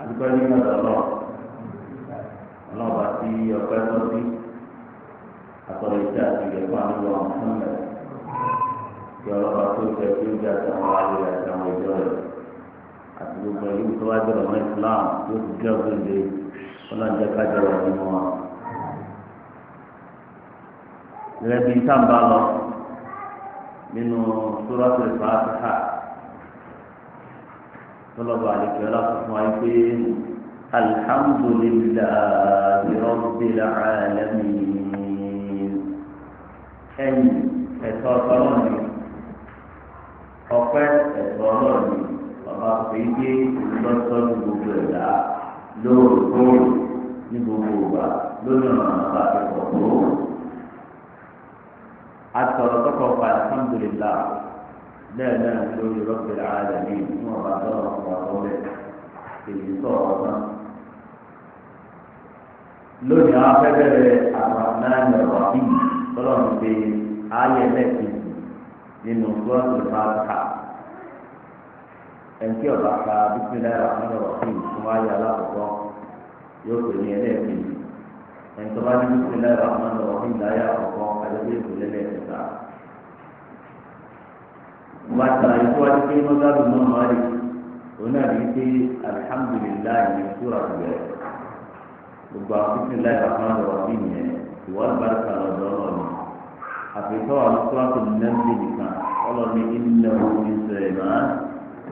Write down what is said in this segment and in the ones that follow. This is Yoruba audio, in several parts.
adúgbò yìí náà lọ́nà ọlọ́ọ̀bà tí ọ̀pẹ́ tó sí àtọ̀rọ̀ ìjà àti ìgbẹ̀fọ́ àdúgbò ọ̀hún fún mi kí ọlọ́ọ̀bà tó fẹ́ kí ó jẹ́ àtàwọn àlejò àtàwọn ìjọ rẹ̀ àti gbogbo ìlú tó wá jọ̀rọ̀ mọ́ Islam yóò fi jẹ́ òkúńde ọlọ́ọ̀jẹ́ kájọ rẹ̀ nínú wọn. lẹ́bi sábà lọ nínú sọ́rọ́sì fàáfíà tọ́lọ́bù àlejò ọlọ́fún wa pé alhamdulillahi rabbil alamin ẹ̀yìn ẹ̀tọ́ ọlọ́ọ̀ni ọpẹ́ ẹ̀tọ́ ọlọ́ọ̀ni ọba fèyíké lọ́sọ́dún gbogbo ẹ̀dá lóòótọ́ ní gbogbo ìgbà lónìí ọ̀nà àbá akẹ́kọ̀ọ́ tó. atọ̀rọ̀ tọkọ̀ fà alhamdulillahi. لا لا نقول رب العالمين هو بعدها وقوله èyí sọ̀rọ̀ náà lónìí àwọn afẹ́bẹ̀rẹ̀ àbàmánì ọ̀rọ̀ yìí tọ́lọ́mù pé ayé lẹ́ẹ̀kejì nínú gbọ́dọ̀ fàáta ẹ̀ńtí ọ̀bà ka bísílẹ̀ àbàmánì ọ̀rọ̀ yìí fún ayé alákọ̀ọ́ yóò pè ní ẹlẹ́ẹ̀kejì ẹ̀ńtọ́ba ní bísílẹ̀ àbàmánì ọ̀rọ̀ yìí láyé wọ́n á tàrà ikú wájú pé mọ́gàdùn náà máa rí òun náà rí pé alihamudulilayi ní ìṣúra rẹ̀ gbogbo àwọn fífi láì ràpáà lọ́wọ́ sí ìyẹn ìwádìí bá rẹ̀ kàlọ́ ọ̀dọ́ ọ̀nà àfihàn àwọn sọ́ọ̀tù nẹ́ẹ̀mí nìkan ọlọ́ni ilẹ̀ omi sèémà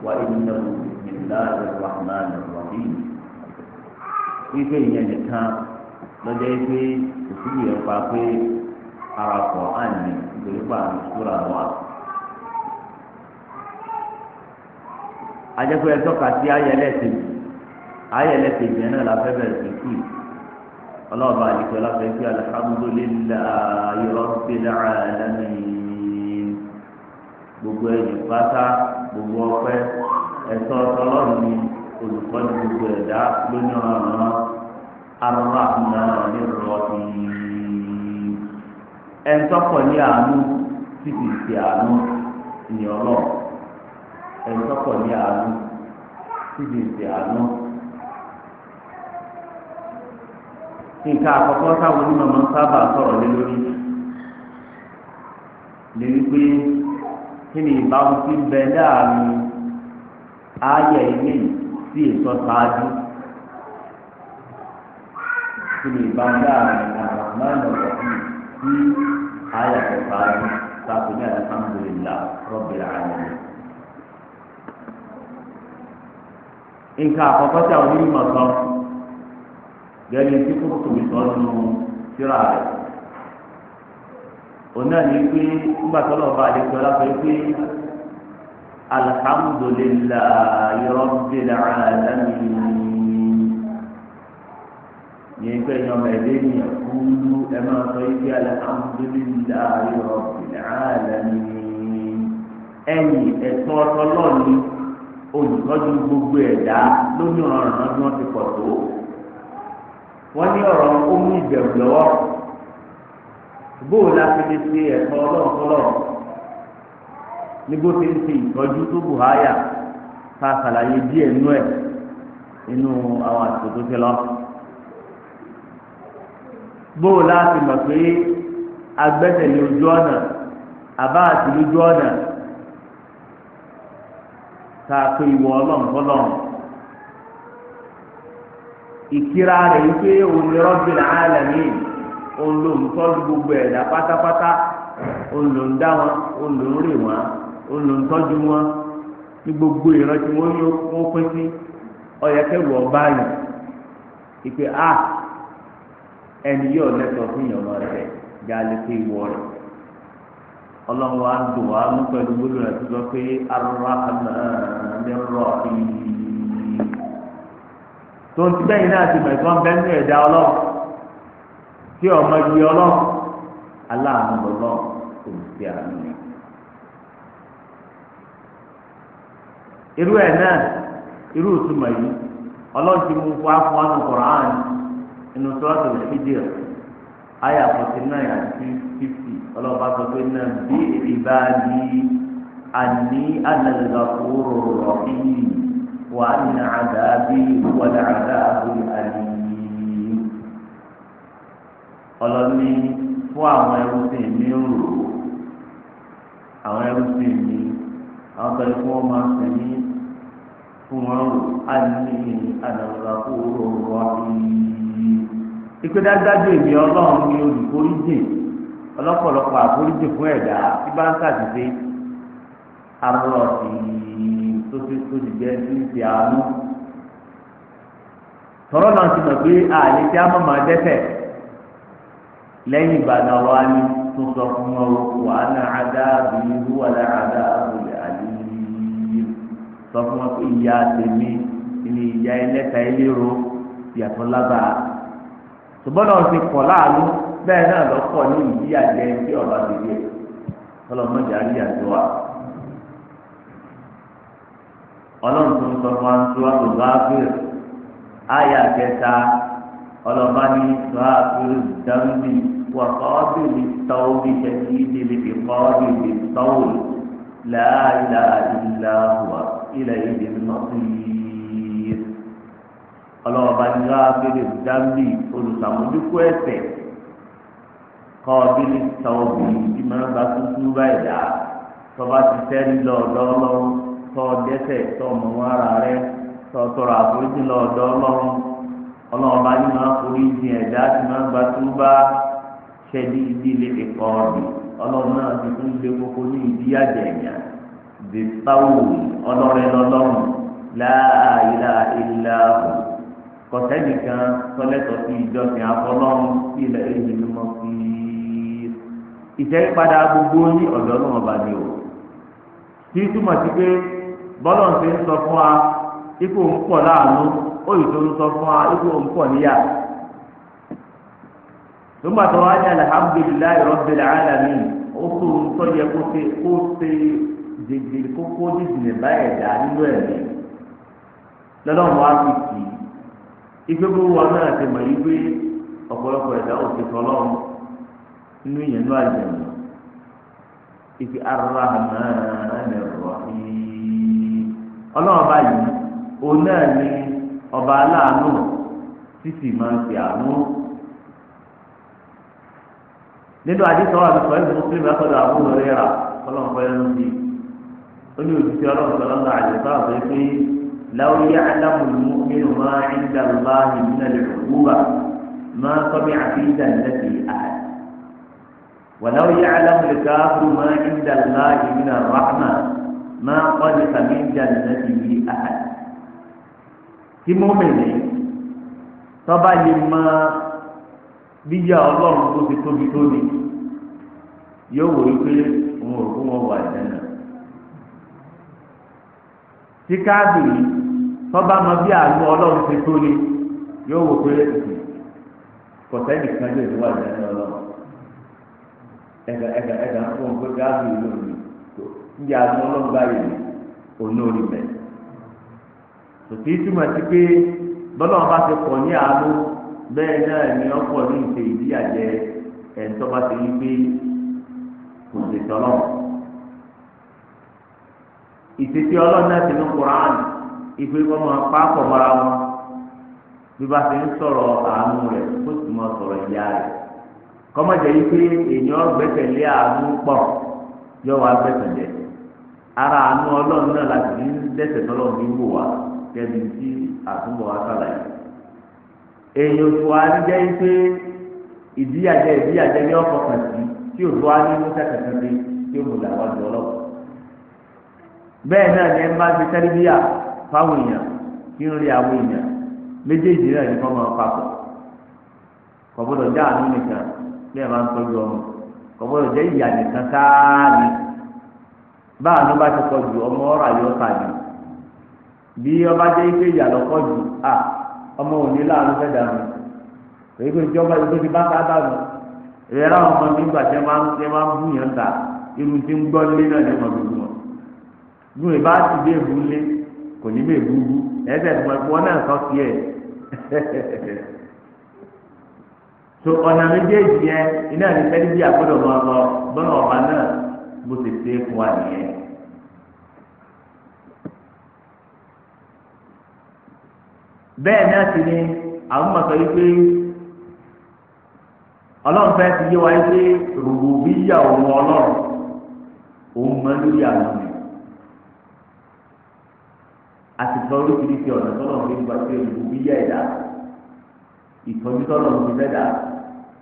wà ilẹ̀ omi ìlànà rahman rahim wípé ìyẹn nìkan lọ́jọ́ pé òsì yẹn pa pé ara kọ̀ á ní ìgbèríko àmì ajẹ́pẹ́ ẹ̀tọ́ka sí ayẹlẹ́sìn ayẹlẹ́sìn yẹn náà la fẹ́ bẹ̀rẹ̀ sí kú ọlọ́ọ̀bà àdìgbò la fẹ́ sí alhamdulillahi rabbil alamin gbogbo ẹ̀yìn pátá gbogbo ọpẹ́ ẹ̀tọ́ ọlọ́run ni olùkọ́ ní gbogbo ẹ̀dá lóní ọ̀ràn arúgbàmùnà rọ̀bì ẹ̀ńtọ́kọ̀ ní àánú títí sí àánú ìyọ̀lọ́ọ̀ ẹ̀ńtọ́kọ̀ ní àánú síbi ìsì àánú. nǹkan àkọ́kọ́ táwọn onímọ̀ máa ń sábà sọ̀rọ̀ lé lórí lè rí pé kí ni ìbámu ti ń bẹ láàrin ààyè ilé sí èso ṣáájú kí ni ìbámu láàrin àràmánà ọ̀gbìn sí ààyè àtẹ̀sáájú tàbí ní àdàkàmùlélà rọ́bìlà àyẹ̀wò. nǹkan àkọ́kọ́ tí àwọn onímọ̀ sọ gẹ́gẹ́ tí kò tóbi sọ nínú síra rẹ̀ òun náà ní pé nígbà tó lọ́ọ́ bá a lè sọ lápẹ́ pé alhamdulillahi rabbil alamin ní pé ìyọ̀mọ̀ ẹ̀dẹ́ ní ẹ̀kúlú ẹ̀ máa yìí pé alhamdulillahi rabbil alamin ẹ̀yìn ẹ̀tọ́ ọ̀tọ̀ lọ́ọ̀ni olùtọ́jú gbogbo ẹ̀dá lóní ọ̀ràn náà bí wọ́n ti pọ̀ tó wọ́n ní ọ̀rọ̀ ó mú ìbẹ̀rù lọ́wọ́ bóòlù akéde ṣe ẹ̀kọ́ ọlọ́ọ̀kọ́lọ́ ní bó ti ń ṣe ìtọ́jú tó bù háyà ká ṣàlàyé díẹ̀ nú ẹ̀ nínú àwọn àsìkò tó ti lọ. bóòlù àti mọ̀ pé agbẹ́sẹ̀ ní ojú ọ̀nà àbá àti lójú ọ̀nà. tá a pé ìwọ ọlọ́run nke ìkíra rẹ̀ wípé na lè rọ́bì láàlàmín òun ló gbogbo ẹ̀dá pátápátá òun wọn òun wọn òun wọn ní gbogbo ìrántí wọn yóò a ẹni yóò lẹ́tọ̀ọ́ fún ìyọ̀mọ̀ rẹ̀ ọlọ́run wa ń dùn wá mú pẹ̀lú gbólóhùn rẹ̀ tó pé arúgbó ní rọ̀ yìí. tó ń ti bẹ́yìn náà ti mẹ̀sán bẹ́ẹ̀ ní ẹ̀dá ọlọ́run tí ọmọ yìí ọlọ́run aláàánú lọ́lọ́run kò ní sí àánú rẹ̀. irú ẹ̀ náà irú ìtumọ̀ yìí ọlọ́run ti mú fún afọ́ àánú Kùránì inú sọ́ọ́tù rẹ̀ fídíò ayà forty nine àti fifty ọlọ́ba sọ pé náà bí ìbáàdì àní àlàlàkúrò rọ̀bì wà ní àdáàbí wọlé àdáàbí àlì ọlọ́ni fún àwọn ẹrúsìn mi ń rò àwọn ẹrúsìn mi àwọn kan fún ọmọ sìn mí fún wọn rò àní àlàlàkúrò rọ̀bì ìpè dájú èmi ọlọ́run ni olùkórí jìn ọlọ́pọ̀lọpọ̀ àforíjì fún ẹ̀dá tí bá ń sàdédé amúlọ̀ sí tó ti tó ti jẹ́ tí ń ti àánú. tọ́rọ́ náà ti mọ̀ pé àlè tí a mọ̀ máa dẹ́ṣẹ̀ lẹ́yìn ìbàdàn wa ni tó sọ fún ọ wà á nà ádá àbí wà á nà ádá àbúlé àlè sọ fún ọ pé ìyá tèmi ni ìyá ẹlẹ́ta ẹlẹ́rọ ìyàtọ̀ lábàá. ṣùgbọ́n náà ti kọ̀ láàánú bẹ́ẹ̀ náà lọ́pọ̀ ní ìdíyàjẹ tí ọ̀rọ̀ àdìyẹ ọlọ́mọdé àríyànjọ wa ọlọ́run tó ń sọ fún wa ń tó wá tó bá fèrè àyà kẹta ọlọ́ba ní bá fèrè dáńbì wà kọ́ọ́dì ní tọ́wọ́bì kẹsì ìdílé fi kọ́ọ́dì ní tọ́wọ́ láàyè ìlàhùwà ilẹ̀ ìdí nọ́ọ̀tì ọlọ́ba ní bá fèrè dáńbì olùsàmójúkú ẹ̀sẹ̀ kọ́ọ̀bílì tọ́ọ̀bì tí máa ń bá tuntun báyìí dá tọ́ba ti tẹ́rí lọ́ọ̀dọ́ ọlọ́run tọ́ọ̀dẹ́sẹ̀ tọ́ọ̀mù ara rẹ tọ́ọ̀tọ́rọ̀ àforíjì lọ́ọ̀dọ́ ọlọ́run ọlọ́run bá yín máa forí jìn ẹ̀dá tí máa ń gba túbá ṣẹ́ni ìdílé ìkọ́ọ̀bì ọlọ́run náà ti tún lé koko ní ìdí àjẹ̀yà the power ọlọ́run lọ́lọ́run láàyè ilá kọ̀sẹ́nìkan tọ́lẹ́tọ̀ sí ìjọsìn afọlọ́run ilẹ̀ èyí ni mo ìtẹ́rípadà gbogbo ní ọ̀dọ́ náà ọba ni o tí túmọ̀ sí pé bọ́lọ̀ ń ṣe ń sọ fún wa ipò ń pọ̀ láàánú ó yìí tó ń sọ fún wa ipò ń pọ̀ níyà ní alihamudulilayi ó tó ń tọ́ yẹ kó ṣe kó ṣe dèdè kókó dídìní dá nínú ẹ̀mí á inú yẹn ló àjẹmọ ìfi arahman rahim ọlọ́run báyìí òun náà ni ọba aláàánú títí máa ń fi àánú nínú àdìsọ́ àbíkọ́ ẹ̀sìn mùsùlùmí ẹ̀kọ́dọ̀ àbúrò rẹ̀ rà ọlọ́run fẹ́ lọ́nà bíi ó ní òṣìṣẹ́ ọlọ́run sọ̀rọ̀ ńlá àdìsọ́ àbúrò pé láwọn yá alámùlùmú nínú máa ń dàgbà nínú ẹ̀lẹ́dọ̀gbùbà máa ń sọ bí àfi ìdánilẹ́sìn àdì. ولو يعلم الكافر ما عند الله من الرحمة ما قدح من جنته أحد tí mọ́mìnì tọ́ba lè mọ bíyà ọlọ́run tó ti tóbi tó ni yóò wò ó pé òun ò fún wọn wà jẹ́nà. tí káàbìrì tọ́ba mọ bí àánú ọlọ́run ti tó ni yóò wò pé kò sẹ́nìkan lè wà jẹ́nà ọlọ́run. ẹ̀dà ẹ̀dà ẹ̀dà ń fún gbogbo ààbò ìlú òní níbi àwọn ọlọ́gbà yìí òní òní mẹ́. túmọ̀ sí pé bọ́lá wọn ti pọ̀ ní bẹ́ẹ̀ náà ni wọ́n pọ̀ ní ìṣe ìdíyàjẹ ti yí pé kò sì koran máa pa wọn bí bá ti ń sọ̀rọ̀ àánú rẹ̀ kó sì kọ́mọ̀jẹ̀ yìí pé èèyàn gbẹ́sẹ̀lé àánú pọ̀ yọ wá gbẹ́sẹ̀lé ara àánú ọlọ́run náà láti ní dẹ́sẹ̀ tọ́lọ́run ní wò wá kẹ́bi tí àtúbọ̀ wá sàlàyé èèyàn tó wá ní jẹ́ pé ìdíyàjẹ́ ìdíyàjẹ́ ní ọkọ̀ kan sí tí ò tó wá ní mú kẹ́kẹ́kẹ́ bí tí ó mú làwọn àjọ ọlọ́run bẹ́ẹ̀ náà ni ẹ máa fi tẹ́lifíà fáwọn èèyàn kí ń rí àwọn èèyàn méjèèjì náà ní kọ́ máa bí ẹ máa ń tọ́jú ọmọ kọ̀wọ́rọ̀ jẹ́ ìyá nìkan káàní báà ló bá ti tọ́jú ọmọ ọ̀rọ̀ bí ọba jẹ́ ike ìyá lọ́kọ́ jù à ọmọ òní láàánú dànù èyí tó èyí tó ti bá dànù èyí tí máa ń bú yàn irú tí ń gbọ́ náà ní ọmọ gbogbo wọn bí wọn bá ti dé èbú lé kò ní bẹ́ẹ̀ bú bú so ọ̀nà méjèèjì yẹn iná ní tẹ́lifí àgbọ̀dọ̀ máa lọ bọ́lá ọba náà bó ti ṣe fún wa nìyẹn. bẹ́ẹ̀ náà sì ni àwọn mọ̀tọ́ yìí pé ọlọ́run fẹ́ ti yé wa yìí pé rògbò bí yà òun ọlọ́run òun mọ lórí àwọn mi ruru oríṣiríṣi ọ̀nà tọ́lọ̀ ń gbé gbàgbé rògbò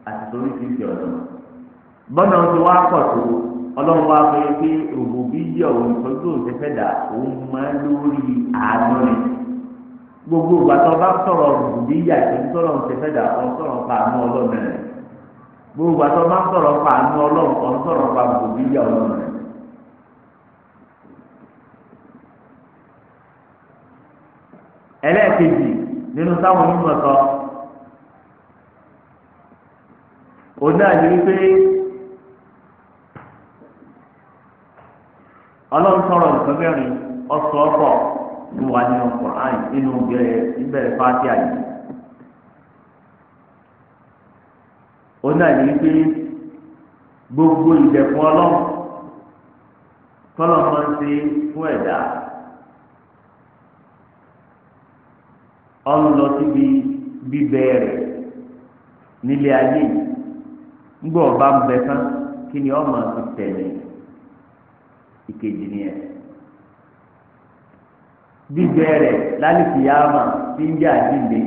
àti torí ti di ọ̀nà bọ́nà tí wọ́n á pọ̀ tó ọlọ́run wá pé pé òbò bí yí ọ̀hún ìtọ́jú òun ti fẹ́ dà òun máa lórí àánú rẹ̀ gbogbo ìgbà tó bá sọ̀rọ̀ òbò bí yí àìsàn tó lọ́run ti fẹ́ dà ọ̀hún sọ̀rọ̀ pa àánú ọlọ́run rẹ̀ gbogbo àti ọba sọ̀rọ̀ pa àánú ọlọ́run kan sọ̀rọ̀ pa gbòbí yà ọlọ́run rẹ̀. ẹlẹ́ẹ̀kejì nínú táwọn onímọ̀ sọ òun náà ní wípé ọlọ́run sọ̀rọ̀ nǹkan mẹ́rin ọ̀sọ̀ ọ̀pọ̀ ló wà nínú Qur'an nínú bẹ̀rẹ̀ ìbẹ̀rẹ̀ fàtíà yìí. òun wípé gbogbo ìdẹ̀kùn ọlọ́run kọ́lọ́ máa ń ṣe fún ẹ̀dá ọ̀n lọ síbi bíbẹ̀ rẹ̀ nílé ayé ńgbọ́ ọba ń bẹ tán kí ni ọmọ ti tẹ̀lé ìkejì nìyẹn jíjẹ rẹ̀ lálùkìyàmà ti ń jẹ́ àjíǹde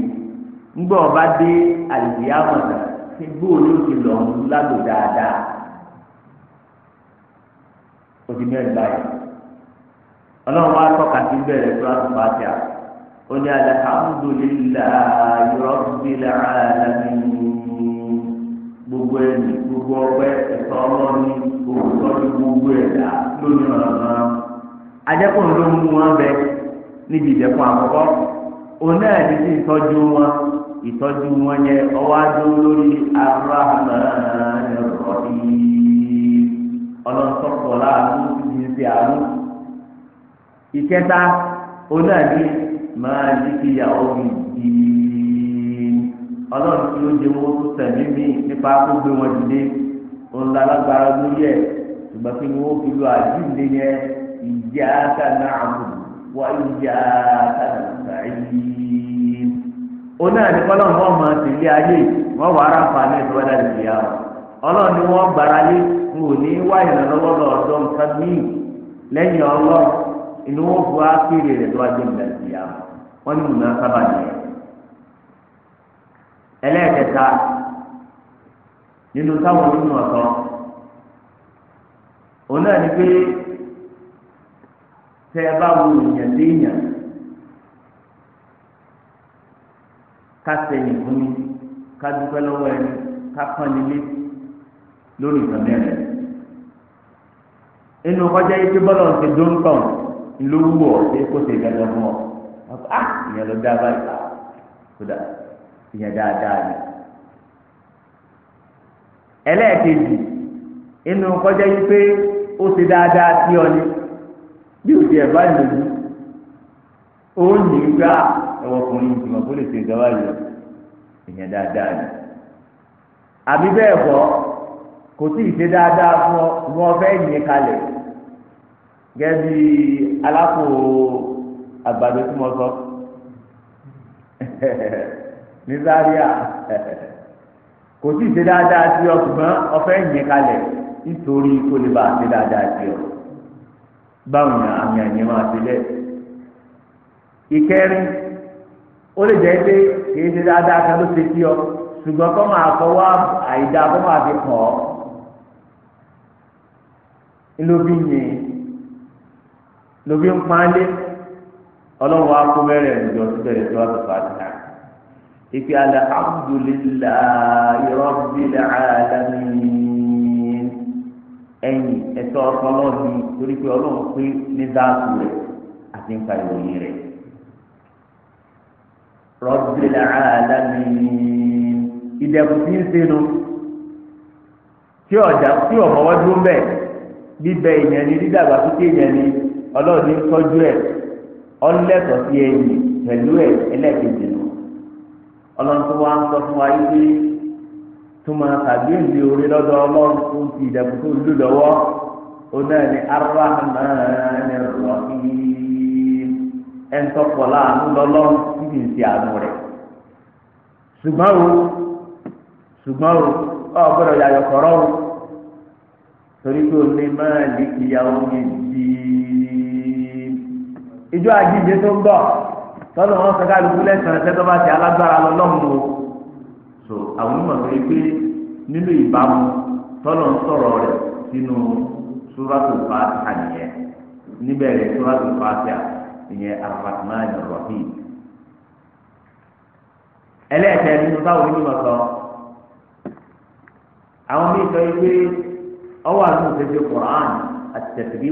ńgbọ́ ọba dé àlùkìyàmà náà ti gbóòlù ti lọ lálò dáadáa òdì mẹ́rin báyìí ọlọ́run wá tọ́ka sí bẹ̀rẹ̀ tó láti pàṣẹ à ó ní alhamdulillahi rabbil alamin. gbogbo ẹni gbogbo ọgbẹ ẹ̀tọ́ ọlọ́ni olùtọ́jú gbogbo ẹ̀dá lónìí ọ̀nàmọ́ra ajẹ́kùn ló mú wọn bẹ níbi àkọ́kọ́ òun náà ti ti ìtọ́jú wọn ìtọ́jú wọn yẹ ọwọ́ adó lórí ọlọ́sọ̀kọ̀ láàánú ti àánú ìkẹta òun náà máa di ọlọ́run tí ó otu owó tó tẹ̀lé mi nípa tó gbé wọn dìde òun la lágbára lórí ẹ̀ ṣùgbọ́n kí wọ́n fi lo àdìlé yẹn ìjà kàná àbò wọ ìjà kàná sàyìn. òun náà ní ayé wọn wà ara fa ní ìtọ́wádà lè yá o ọlọ́run ni wọ́n gbára lé n ò ní wá ìrànlọ́wọ́ nǹkan míì lẹ́yìn ọlọ́run wọn ẹlẹ́ẹ̀kẹta nínú táwọn onímọ̀ ọ̀tọ̀ òun náà ni pé tẹ ẹ bá wo èèyàn dé èèyàn ká sẹyìn fún mi ká dúpẹ́ lọ́wọ́ ẹni ká pọ́n nílé lórí ìtàn mẹ́rin inú kọjá yìí tí bọ́lọ̀ ti dún tán ló wù ọ́ ṣé kó ṣe ìdájọ́ fún ọ ah ìyẹn ló dá báyìí ah, kó ìyẹn dáadáa ni ẹlẹ́ẹ̀kejì inú kọjá yìí pé ó ṣe dáadáa sí ọ ni bí òsì ẹ̀ bá ó ní gbà ẹ̀wọ̀kùnrin ah, ìgbìmọ̀ lè ṣe ìjọba yìí ìyẹn dáadáa ni àbí bẹ́ẹ̀ bọ́ kò sí ìṣe dáadáa fún ọ fún fẹ́ yìn kalẹ̀ gẹ́gẹ́ bí alákòó àgbàdo tí mo sọ. ní Zaria kò sí ṣe dáadáa sí ọ ṣùgbọ́n ọfẹ́ yẹn kalẹ̀ nítorí kó lè bá ṣe dáadáa sí ọ báwo ni àmì àyẹ̀ máa ṣe lẹ̀ ìkẹrin ó lè jẹ́ pé kì í ṣe dáadáa kan ló ṣe sí ọ ṣùgbọ́n kọ́ máa fọwọ́ àìdá kọ́ fi kàn ọ́ lóbi yẹn lóbi ń pánlé ọlọ́run á kó tó ìpè alhamdulillahi rabbil alamin ẹ̀yìn ẹ̀tọ́ ọlọ́ọ̀ni torí pé ọlọ́run pé ní dáàbò rẹ̀ àti nípa ìròyìn rẹ̀ rabbil alamin ìdẹ̀kùn tí ń senu tí ọ̀dà tí ọ̀mọ́wọ́ dúró bẹ́ẹ̀ bíbẹ ìyẹn ni dídàgbàsókè ìyẹn ni ọlọ́ọ̀ni ń tọ́jú ẹ̀ ọlẹ́tọ̀ọ́ sí ẹ̀yìn pẹ̀lú ẹ̀ ẹlẹ́ẹ̀kejì nù ọlọ́run tó wá ń sọ fún wa yí pé tó máa tàbí èdè orí lọ́dọ̀ ọlọ́run tó ń fi ìdàgbò tó lù lọ́wọ́ ó náà ní aráàmánì rọ̀bì ẹ̀ ń tọpọ̀ láàánú lọ́lọ́run tí kì í ṣe àánú rẹ̀ ṣùgbọ́n o ṣùgbọ́n o ọ gbọ́dọ̀ yàyọ̀ kọ̀rọ̀ o torí pé o lè máa lè kíyàwó yẹn jí ìjọ àjíǹde tó ń bọ̀. tọ́lọ̀ wọn fẹ́ kálukú lẹ́sàn-án tẹ́tọ́ bá ti alágbára lọ lọ́hùn o so àwọn onímọ̀ sọ pé nínú ìbámu tọ́lọ̀ ń sọ̀rọ̀ rẹ̀ sínú súrátù fàtíà nìyẹn níbẹ̀ rẹ̀ súrátù fàtíà ìyẹn Ar-Rahman ar ẹlẹ́ẹ̀kẹ́ nínú táwọn onímọ̀ sọ àwọn míì sọ pé ọwọ́ àti tẹ̀síbí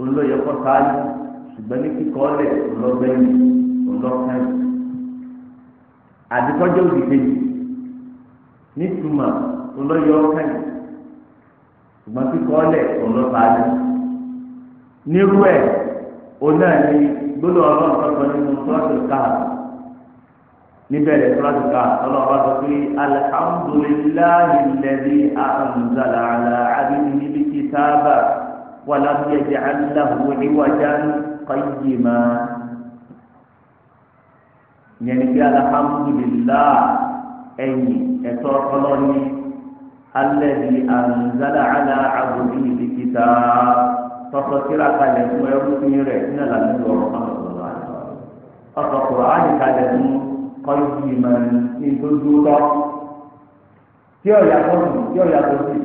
olóyè kọ́ sáájú ṣùgbọ́n ní kíkọ́ lẹ̀ ọlọ́gbẹ́ni ọlọ́kàn àdìkọ́jọ́ òdìkejì nítumọ̀ olóyè ọkàn ṣùgbọ́n kíkọ́ lẹ̀ ọlọ́sáájú nírú ẹ̀ oná ní gbọ́dọ̀ ọlọ́ọ̀tọ́tọ́ nínú tọ́sí káà níbẹ̀rẹ̀ tọ́sí káà ọlọ́ọ̀bá sọ pé alhamdulillahi alladhi anzala ala abdihi alkitaba. ولم يجعل له عوجا قيما يعني الحمد لله أي ẹtọ ọlọni alẹbi anzala ala abudu ibi kita tọsọ kíra kalẹ̀ fún ẹrúfin rẹ̀ nínú àlàyé ọ̀rọ̀ kan lọsọlọ àná ọsọ kura ayé kalẹ̀ fún kọlùkì mẹ́rin ní dúdú lọ tí ọyà kọlù tí ọyà kọlù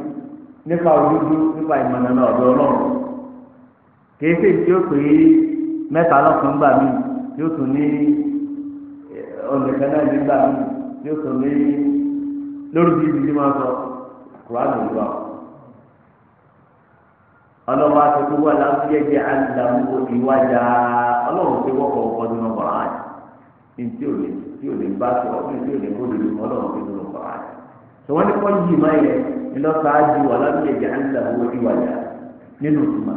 nípa òdodo nípa ìmọ̀nà náà ọ̀dọ̀ ọlọ́run kìí ṣe tí ó pè é mẹ́ta lọ́kàn gbà mí tí ó tún ní mí tí ó tún ní ibi tí sọ aṣọ tó wà láti ìwájà ọlọ́run ti wọ́pọ̀ ọkọ̀ ní tí ò lè bá tí ò lè lè lò ọlọ́run tọ́wọ́n ní kọ́ yìí máa yẹ iná sáájú alábìyẹ̀jẹ̀ àńlá owó ìwàjà nínú ìtumà.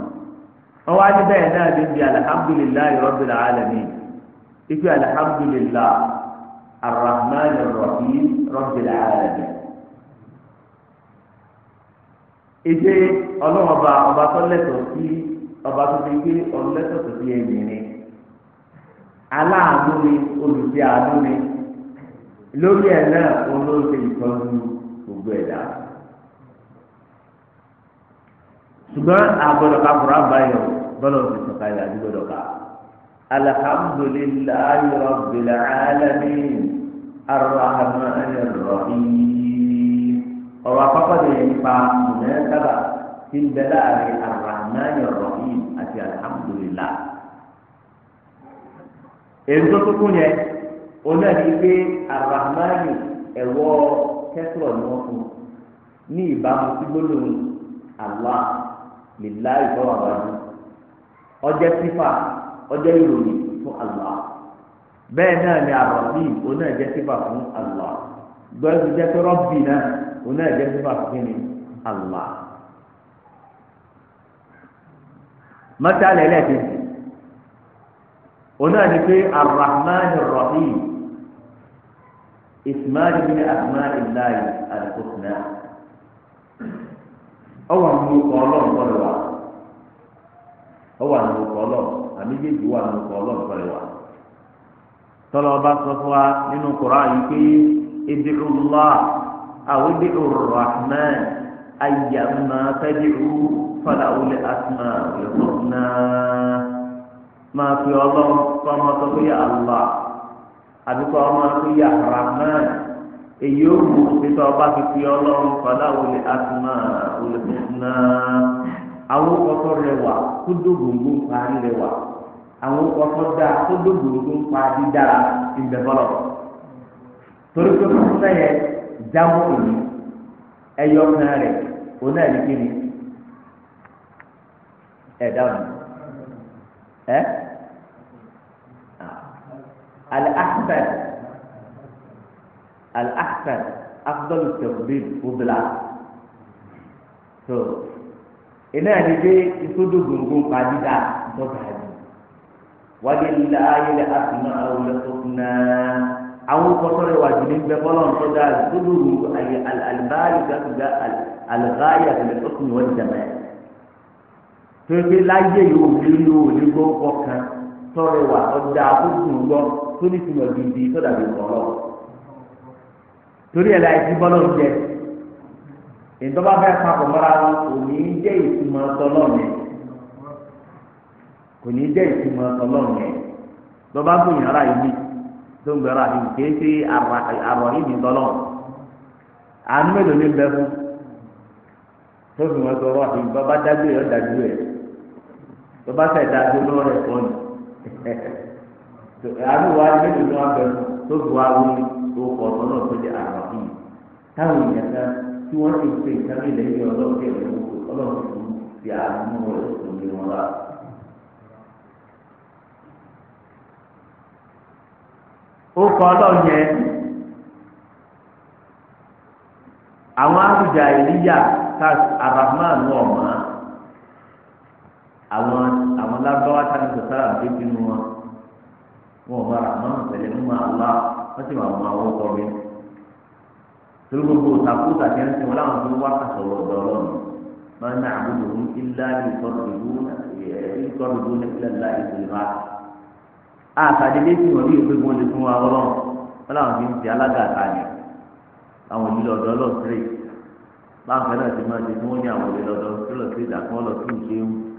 wọ́n wá ní bẹ́ẹ̀ náà níbi alihamudulilayi rabbil alamin ife alihamudulilayi arahman rahim rabbil alamin. ìdè ọlọ́mọba ọba tó lẹ́tọ̀ọ́ sí ọba tó fi gbé ọlọ́lẹ́tọ̀ọ́ tó fi ẹ̀yìn ni aláàánú ni olùsí àánú ni lórí ẹ̀ náà olóòtú ìtọ́jú gbogbo ẹ̀dá ṣùgbọ́n àgbọ̀dọ̀ ká kúrò àbáyọ bọ́lọ̀ ti sọ̀ka ìlà àdúgbò ká alhamdulillahi rabbil alamin arrahmanir rahim ọ̀rọ̀ àkọ́kọ́ lè nípa mùnẹ́sàbà tí ń bẹ láàrin arrahmanir rahim àti alhamdulillah èyí tó tó kún yẹn onáà ní pé arrahmanir ẹ̀wọ́. kẹsùrọ̀ ni wọ́n fún ní ìbámu sí gbólóhùn sífà ìròyìn fún náà ni àròbí òun náà jẹ́ sífà fún Allah gbọ́dọ̀ ti pé rọ́bì náà òun náà jẹ́ sífà fún kíni Allah. ismaali bin ahmad ilayi alikusina ọwọ àwọn ọlọ nkọlẹ wa ọwọ àwọn ọlọ àmì jẹjì wà àwọn ọlọ nkọlẹ wa tọlọ ọba sọ fún wa nínú kura yìí pé idiculá àwọn idicul rahman ayàmà tẹdícù fàlàwùlẹ asma yọkùnà máa fi ọlọ kọ́ ọmọ tó fi yà allah àbíkọ́ ọmọ tó yà rahman èyí ó wù pípa ọba fífi ọlọ́run padà wọlé asúnmá wọlé fúnná àwọn kọkọ rẹwà tó dógóńgó ń parí rẹwà àwọn kọkọ dá tó dógóńgó ń parí dára ìbẹ̀fọ́lọ̀ torí pé fúnná yẹn jáwọ́ òní ẹyọ kan rẹ̀ òun náà ní kíni ẹ̀ dáhùn ẹ̀ al-ahsan al-ahsan afdal tẹ̀gbìn fúdùlà tó iná ẹni pé ìtòdó gbòǹgbòǹ pàdídà dọ́gba ẹni wáyé lílá ayélujá àfihàn àwọn ọlọ́sọ̀kùnà àwọn kọ́sọ́rọ̀ wà jù ní bẹ́ẹ̀ bọ́lá ń tọ́jà ìtòdó gbòǹgbòǹ ayé alibáyé gbàgbà alibáyé àtẹlẹ ọkùnrin wọn jẹmẹ tó yẹ pé láyé yìí ò ní lò ó ní gbọ́ ọkàn. tọrọ wà ọjà àkókò gbọ tó ní tìmọ̀ gidi tó dàbí kọ̀ọ̀lọ̀ torí ẹ̀ láì sí bọ́lọ̀ jẹ ìdọ́gba fẹ́ papọ̀ mọ́ra wọn kò ní í jẹ́ ìtumọ̀ tọ́lọ̀ yẹn kò ní í jẹ́ ìtumọ̀ tọ́lọ̀ yẹn tó ń àrọ̀ tọ́lọ̀ àánú mélòó ní fún tó fi wọn sọ ọ̀rọ̀ àti bàbá dájú ẹ̀ ọ́ dájú àánú wa ní ìlú náà tó bu awo tó kọ ọ̀tọ̀ náà tó di yìí táwọn èèyàn tí wọ́n ti pè sábẹ́ ilẹ̀ yìí ọlọ́run kí ẹ̀rọ ọlọ́run tó àánú tó wọn ó kọ yẹn àwọn ìlíyà ká àwọn àwọn lágbáwá tá a ti sọ̀tà àti bínú wọn wọn ò bára àmọ́ ìpẹ̀lẹ́ mú máa wá wọ́n sì máa mú àwọn ọkọ mi torí gbogbo òtàkùtà tí wọ́n ti wọn láwọn tó wá kàṣọ̀rọ̀ ọ̀dọ̀ ọlọ́run máa ná àbúrò ní ilá ìtọ́jú nílẹ̀ ìgbìmọ̀ àtàdédé tí wọ́n rí òfin wọn lè fún wa ọlọ́run wọn làwọn fi ń ti alága àtàlẹ̀ àwọn òbí lọ́dọ̀ ọlọ́ọ̀tìrì báńkì náà ti máa ti fún wọn ní àwọn òbí lọ́dọ̀ ọlọ́ọ̀tìrì dàkún ọlọ́ọ̀tìrì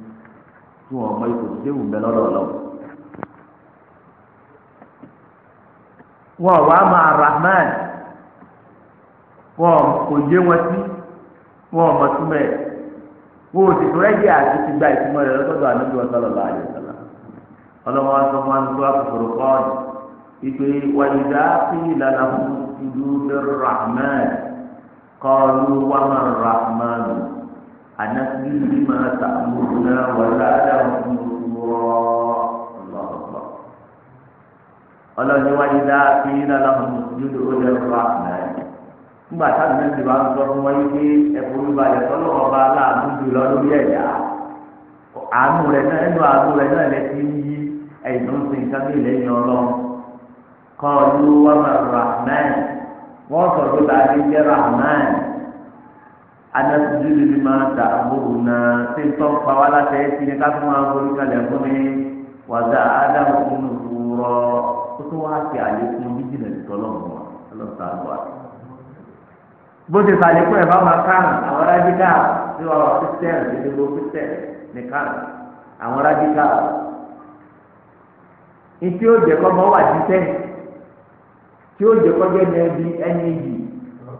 tí wọn mọ ipò tó wù mí lọ́dọ̀ lọ. wọn wàá máa rahman wọn kò yé wọn sí wọn mọ túmọ̀ ẹ̀ wọn ò sì tó rẹ́jì àti ti gba ìtumọ̀ rẹ̀ lọ́dọ̀ ànábi wọn sọ̀rọ̀ láàyè sọ̀rọ̀ ọlọ́wọ́n sọ fún wọn tó àkókò kọ́ọ̀nù ìpè wàlídà sí ìlànà fún ìlú rahman kọ́ọ̀lù wàmà rahman. أنسي بما تأمرنا ولا يأمر الله الله أكبر ọlọ́run wáyé dá kíínà lọ́hùn júdò ọdẹ ọba náà nígbà táwọn náà ti bá ń sọ ti rahman rahman anasudu ni ma ta abudu na ṣe tọ́ pa wá láti ẹ̀ ti ní ká fún wa borí kalẹ̀ fún mi wàdà ádámù fún wúrọ́ ó tún wá sí àlékún jíjìnà ìtọ́lọ́mù wa ọlọ́ta àgbà. bó ti sàlékún ẹ̀ bá máa kárùn àwọn rájíkà tí wọ́n wọ́n sísẹ́ẹ̀rì ní gbogbo sísẹ́ẹ̀rì ní kárùn àwọn rájíkà. ìtí ó jẹ́ kọ́ mọ́ wà jíṣẹ́ tí ó jẹ́ kọ́ jẹ́ ní ẹbí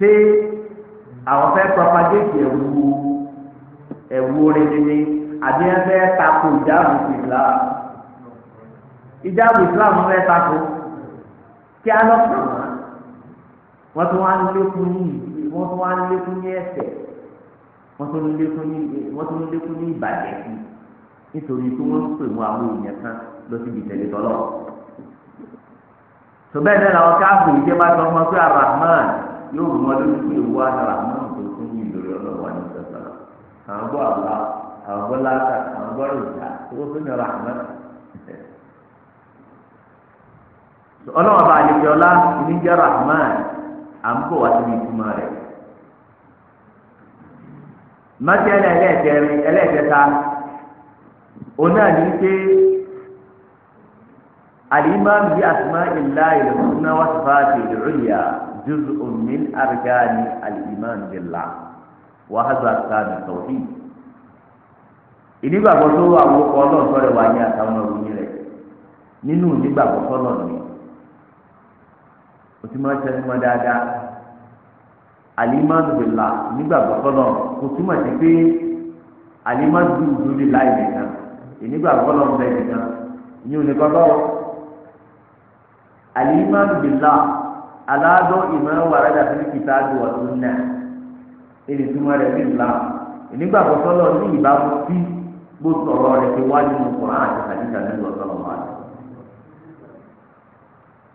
ṣé àwọn fẹ́ propagate ẹ̀wù ẹ̀wù rẹ̀dẹ̀dẹ̀ àbí ẹ fẹ́ tako ìjáàbù Islam ìjáàbù Islam fẹ́ tako kí á lọ́kàn wọ́n tún wá ń lékún ní ìdí wọ́n tún wá ń lékún ní ẹ̀ṣẹ̀ wọ́n tún ń lékún ní wọ́n tún ń lékún ní ìbàjẹ́ sí nítorí tí wọ́n ń pè mọ́ àwọn èèyàn kan lọ síbi tẹ̀lé tọ́lọ̀ tó bẹ́ẹ̀ náà làwọn káàbù ìjẹba tó ń mọ pé Arahman yóò mọ lórí pé ìwọ àdàrà náà tó tó ní ìlòrè ọlọ́wà ní sọ̀tọ̀rọ̀ àwọn bọ́ àbá àwọn bọ́ láta àwọn bọ́ ìjà owó tó ní ọ̀rọ̀ àmọ́. ọlọ́wọ́ bá àlejò ọlá ìníjẹ́ rahman à ń bọ̀ wá síbi ìtumọ̀ rẹ̀. mọ́tẹ́lẹ̀ ẹlẹ́ẹ̀kẹrin ẹlẹ́ẹ̀kẹta òun náà ní pé àlìmọ́ bí àtúmọ̀ ìlà ìlú náà wá sí fáàtì ìlú ìyá. جزء من أركان الإيمان بالله وهذا wa hadha kana tawhid ìdígbàgbọ́ tó àwọn ọkọ ọlọ́run sọ̀rọ̀ wà ní àtàwọn ọ̀rùn rẹ̀ nínú ìdígbàgbọ́ sọ̀rọ̀ ni o ti máa ń sẹ́ni mọ́ dáadáa alimadu bila nígbàgbọ́ sọ̀rọ̀ kò túmọ̀ sí pé alimadu dúdú lè láì nìkan ìnígbàgbọ́ lọ́run bẹ́ẹ̀ nìkan ní onígbàgbọ́ alimadu bila aláàdó ìmọ̀ wàrà dàbí ní kìtàbí wà tó nà èdè túmọ̀ rẹ̀ sí ìlà ìnígbàgbọ́ sọ́lọ́ ní ìbámu sí bó sọ̀rọ̀ rẹ̀ ti wá nínú kùrán àti àdìsá nínú ọ̀sán ọ̀wá rẹ̀.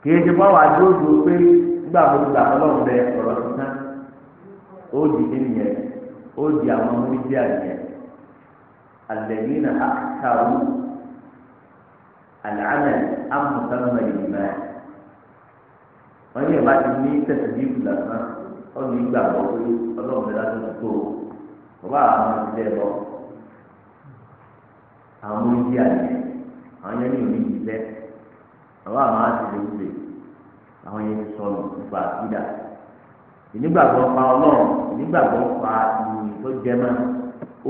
kìí ṣe báwa dúró dúró pé nígbà tó ti gbà ọlọ́run bẹ ọ̀rọ̀ sísan ó di ènìyàn ó di àwọn oníṣẹ́ àyẹ̀ àlẹ́yìn náà àkàrú àlàáfẹ́ àmùsàmù ìgbà yẹn. wọn yẹ bá ti ní tẹsí ní ìlú lásán ọdún ìgbà wọ pé ọlọ́run bẹ̀rẹ̀ láti tó bàbá àwọn ti lẹ́ lọ àwọn oúnjẹ àyè àwọn yẹn ní òní yìí lẹ bàbá àwọn á lè wúlò àwọn yẹn ti nípa àbídà ìnígbàgbọ́ pa ọlọ́run ìnígbàgbọ́ pa ìyìn tó jẹ mọ́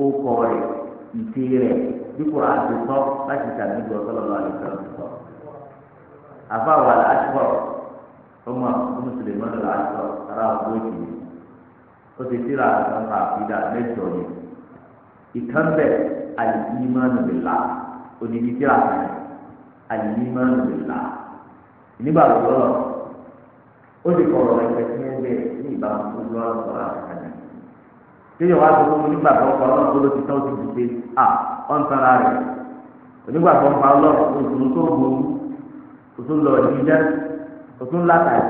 ókọ rẹ̀ ìtì rẹ̀ dípò àti sọ láti tàbí gbọ́ sọ́lọ́lọ́ ọmọ ọmọ sùlẹmọ lọ àjọ ara ọgbọjì ó ti tíra àwọn àfidà mẹ́jọ ni ìkànnbẹ alìyímánu bìlà onídìí tíra kan alìyímánu bìlà nígbà lọ́wọ́ ó ti kọ̀rọ̀ ẹgbẹ́ tí wọ́n bẹ ní ìbámu tó lọ́wọ́ sọ̀rọ̀ àtàkànnì tíyẹ̀ wá tó fún nígbà tó kọ́ ọlọ́run tó ló ti tán ojú ti ṣe à ọ̀n tara rẹ̀ onígbà tó ń pa ọlọ́run oṣù tó gbòó oṣù lọ o tún látàrí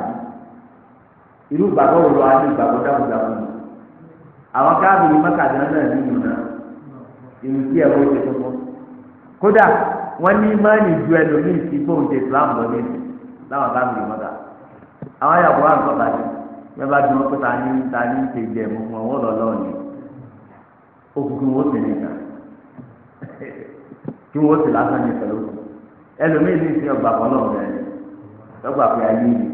irú ìgbàgbọ́ wo lọ ayé ìgbàgbọ́ dáhùndáhùn yìí àwọn káàbì yìí mẹ́kàdé náà ní ìlú náà èyí tí ẹ̀rọ ṣe tuntun kódà wọ́n ní mọ́ọ̀nì ju ẹlòmíì sí gbòǹde islam lọ ní ìlú láwọn káàbì yìí mọ́ta àwọn yàgò wà nǹkan bàjẹ́ yẹn bá dùn pé ta ní ta ní ṣe jẹ mọ́ wọn lọ lọ́ọ̀ ni òkùnkùn wo sì nìkan kí wọ́n sì lásán ní pẹ̀lú ẹlòmíì ní ìsìn ọgbà kan náà lọ́gbà pé ayé yìí.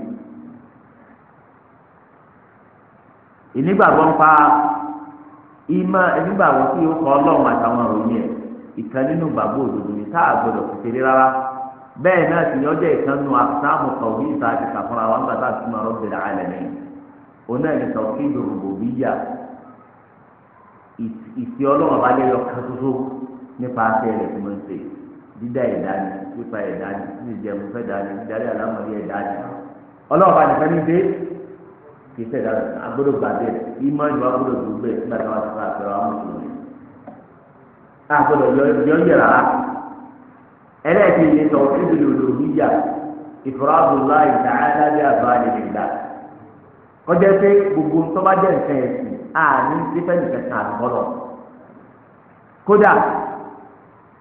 ìnígbàgbọ́ ń pa ìmọ̀ ìnígbàgbọ́ tí ó kọ́ ọlọ́run àtàwọn òròyìn ẹ̀ ìkan nínú gbàgbọ́ òdodo ni tá a gbọdọ̀ fi ṣeré rárá bẹ́ẹ̀ náà sì yọjọ́ ìkan nù àtàwọn kọ̀wé ìta àti kàfọ́nra wọn gbàtà sí ma Rabbil alamin oná ẹni tawhid rububiyya ìsì ọlọ́run ọba lẹ́yọ kan ṣoṣo nípa àṣẹ rẹ̀ tí ń ṣe dídá ẹ̀dá ni pípa ẹ̀dá ni jíjẹun fẹ́ dá ni dídarí alámọ̀rí ẹ̀dá ni ọlọ́ọ̀fà nìkan ní dé kì í fẹ́ dá agbọ́dọ̀ gbà bẹ́ẹ̀ ìmọ̀ ìwà agbọ́dọ̀ tó bẹ́ẹ̀ nígbà tí wọ́n ti fà àpẹẹrẹ àwọn mùsùlùmí. agbọ́dọ̀ yọ ń yẹra ẹlẹ́ẹ̀kì ni tọ̀ ìdílé olóhùyà ìfọ̀rọ̀dùnlá ìdáhàdá bí àbáyé nìgbà kọjá pé gbogbo ntọ́bajẹ́ nǹkan ẹ̀sìn àní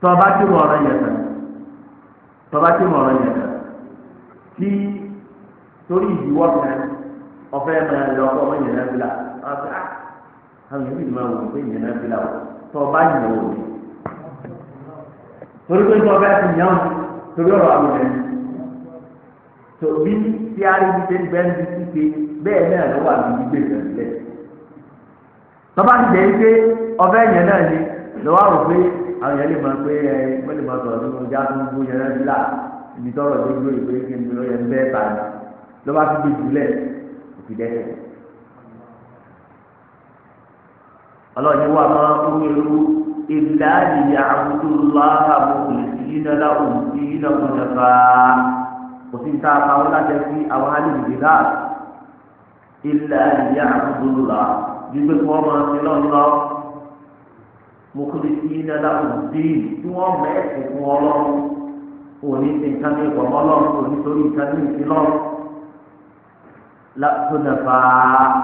tọba tí mo ọ̀rọ̀ yẹn tán tọba tí mo ọ̀rọ̀ yẹn tán tí torí ìdíwọ́ kan ọ̀fẹ́ máa lọ ọkọ ọmọ yẹn náà fi là ọ̀fẹ́ àwọn yẹn fi máa wò pé yẹn náà fi là wò tọba yẹn wò ni torí pé tọba ti yàn torí ọ̀rọ̀ àwọn yẹn tòbí tí a rí ibi tẹ́ ń bẹ́ẹ̀ ń bí kíkẹ́ bẹ́ẹ̀ náà ló wà ní gbígbé ìgbàlẹ́ tọba ti dẹ̀ ń gbé yẹn náà ni lọ́wọ́ àwọn pé àwọn yẹn lè máa pé ẹ wọ́n lè máa sọ̀rọ̀ nínú ìjà tó ń bú yẹn náà nílà ibi tọrọ tó gbé ìwé kí n lọ yẹn bẹ́ẹ̀ bá mi lọ́wọ́ tó gbé jùlẹ̀ òfin dẹ́sẹ̀. ọlọ́ọ̀ni wà máa ń wẹ̀rù ìlà ìyá àbúdúlá àbùkù ìdílé láwù ìdílé ọ̀nàfà òfin tá a pa wọn láti fi àwọn alìbìdì náà ìlà ìyá àbúdúlá gbígbé kí wọ́n máa ń fi náà lọ mukhlisina lahu ddin tí wọ́n mẹ́ẹ̀sì fún ọlọ́run òní ti nǹkan ní ìwọ̀n ọlọ́run òní torí nǹkan ní ìfilọ́run látọ̀nàfà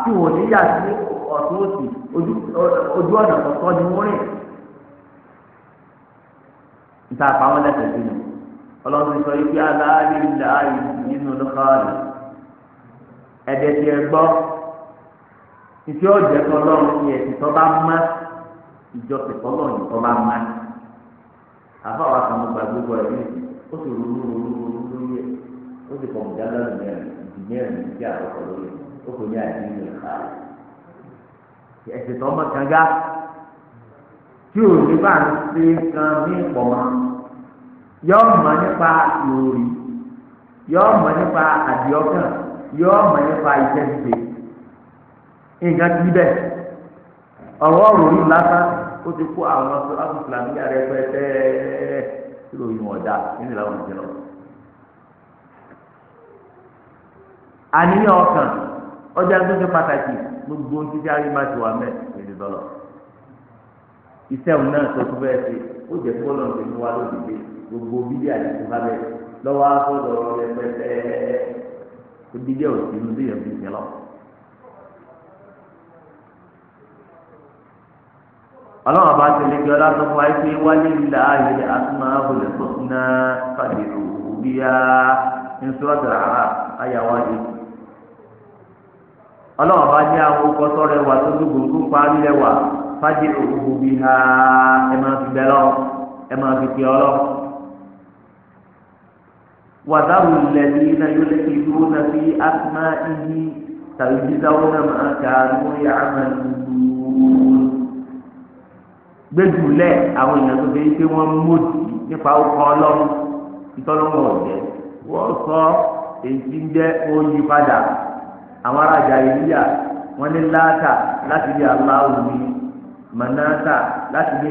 tí wọ́n ní yà sí ọ̀tún òsì ojú ọ̀nà kọ̀ọ̀kan ni wọ́n rìn. níta àpamọ́ lẹ́sẹ̀ sí ni ọlọ́run sọ yìí pé aláàbí ilẹ̀ ayé nínú lọ́kàlù ẹ̀dẹ̀ tí gbọ́ ìṣe ọ̀jẹ̀ tọ́lọ́run ni ẹ̀sìn tó bá mọ́ ìjọsìn fọlọ́ ní ọba máa ní àbá wa kàn mọ́ gbàgbé gbọ́ ẹ̀rí ó sì ronú ronú ronú lórí ẹ̀ ó sì fọmù dáná lù mẹ́rin ìdí mẹ́rin ìdí àkọ́kọ́ lórí ó kò ní àìsí ní ìka rẹ̀ ẹ̀sìn tó ọmọ kanga tí ò ní bá ń ṣe kan ní ìpọ̀mọ́ yọ mọ̀ nípa lórí yọ mọ̀ nípa àdìọ́kàn yọ mọ̀ nípa iṣẹ́ nǹkan ti bẹ̀ ọ̀rọ̀ òròyìn lásán ó ti kó àwọn aṣọ ìsìlámíyà rẹ pẹtẹ tí lóyún ọ̀dà nínú ìlànà ìjìnlọ. àníyàn ọkàn ọjà tó ṣe pàtàkì gbogbo títí ayé máa ti wà mẹ èdè dọlọ iṣẹ́ òun náà tó tún bẹ́ẹ̀ ṣe ó jẹ́ kó lọ́nà tó ń wá lódìdí gbogbo bíbí àdìsí lábẹ́ lọ́wọ́ á tó lọ́ọ́ rẹ pẹtẹ ó dídé òsì ní bí fi ṣe lọ́wọ́. ọlọ́run ọba ti lè gbé ọlá tó fún wa pé wálé ńlá ayẹyẹ asúnmọ́ abúlé tó ná fàdé òwú bí a ń sọ́ọ́ dàrá ayáwájú. ọlọ́run ọba ní àwọn okọ́tọ́ rẹ wà tó dúgbò tó ń parí rẹ fàdé òwú bí a ẹ máa fi bẹ ẹ máa fi pè ọ lọ. wàdáwù lẹ́ni iná yóò lé ìlú náà fi asúnmọ́ ihi tàbí jíjáwó náà máa kà á lórí àmàlú. gbẹdùlẹ àwọn èèyàn tó fi pé wọn mọdì nípa ọkọ Ọlọ́run ìtọlọmọ ọjẹ wọn sọ èyí ń jẹ oyin padà àwọn arajà ìlíyà wọn ní láàtà láti bí aláwọ mi mọnàtà láti bí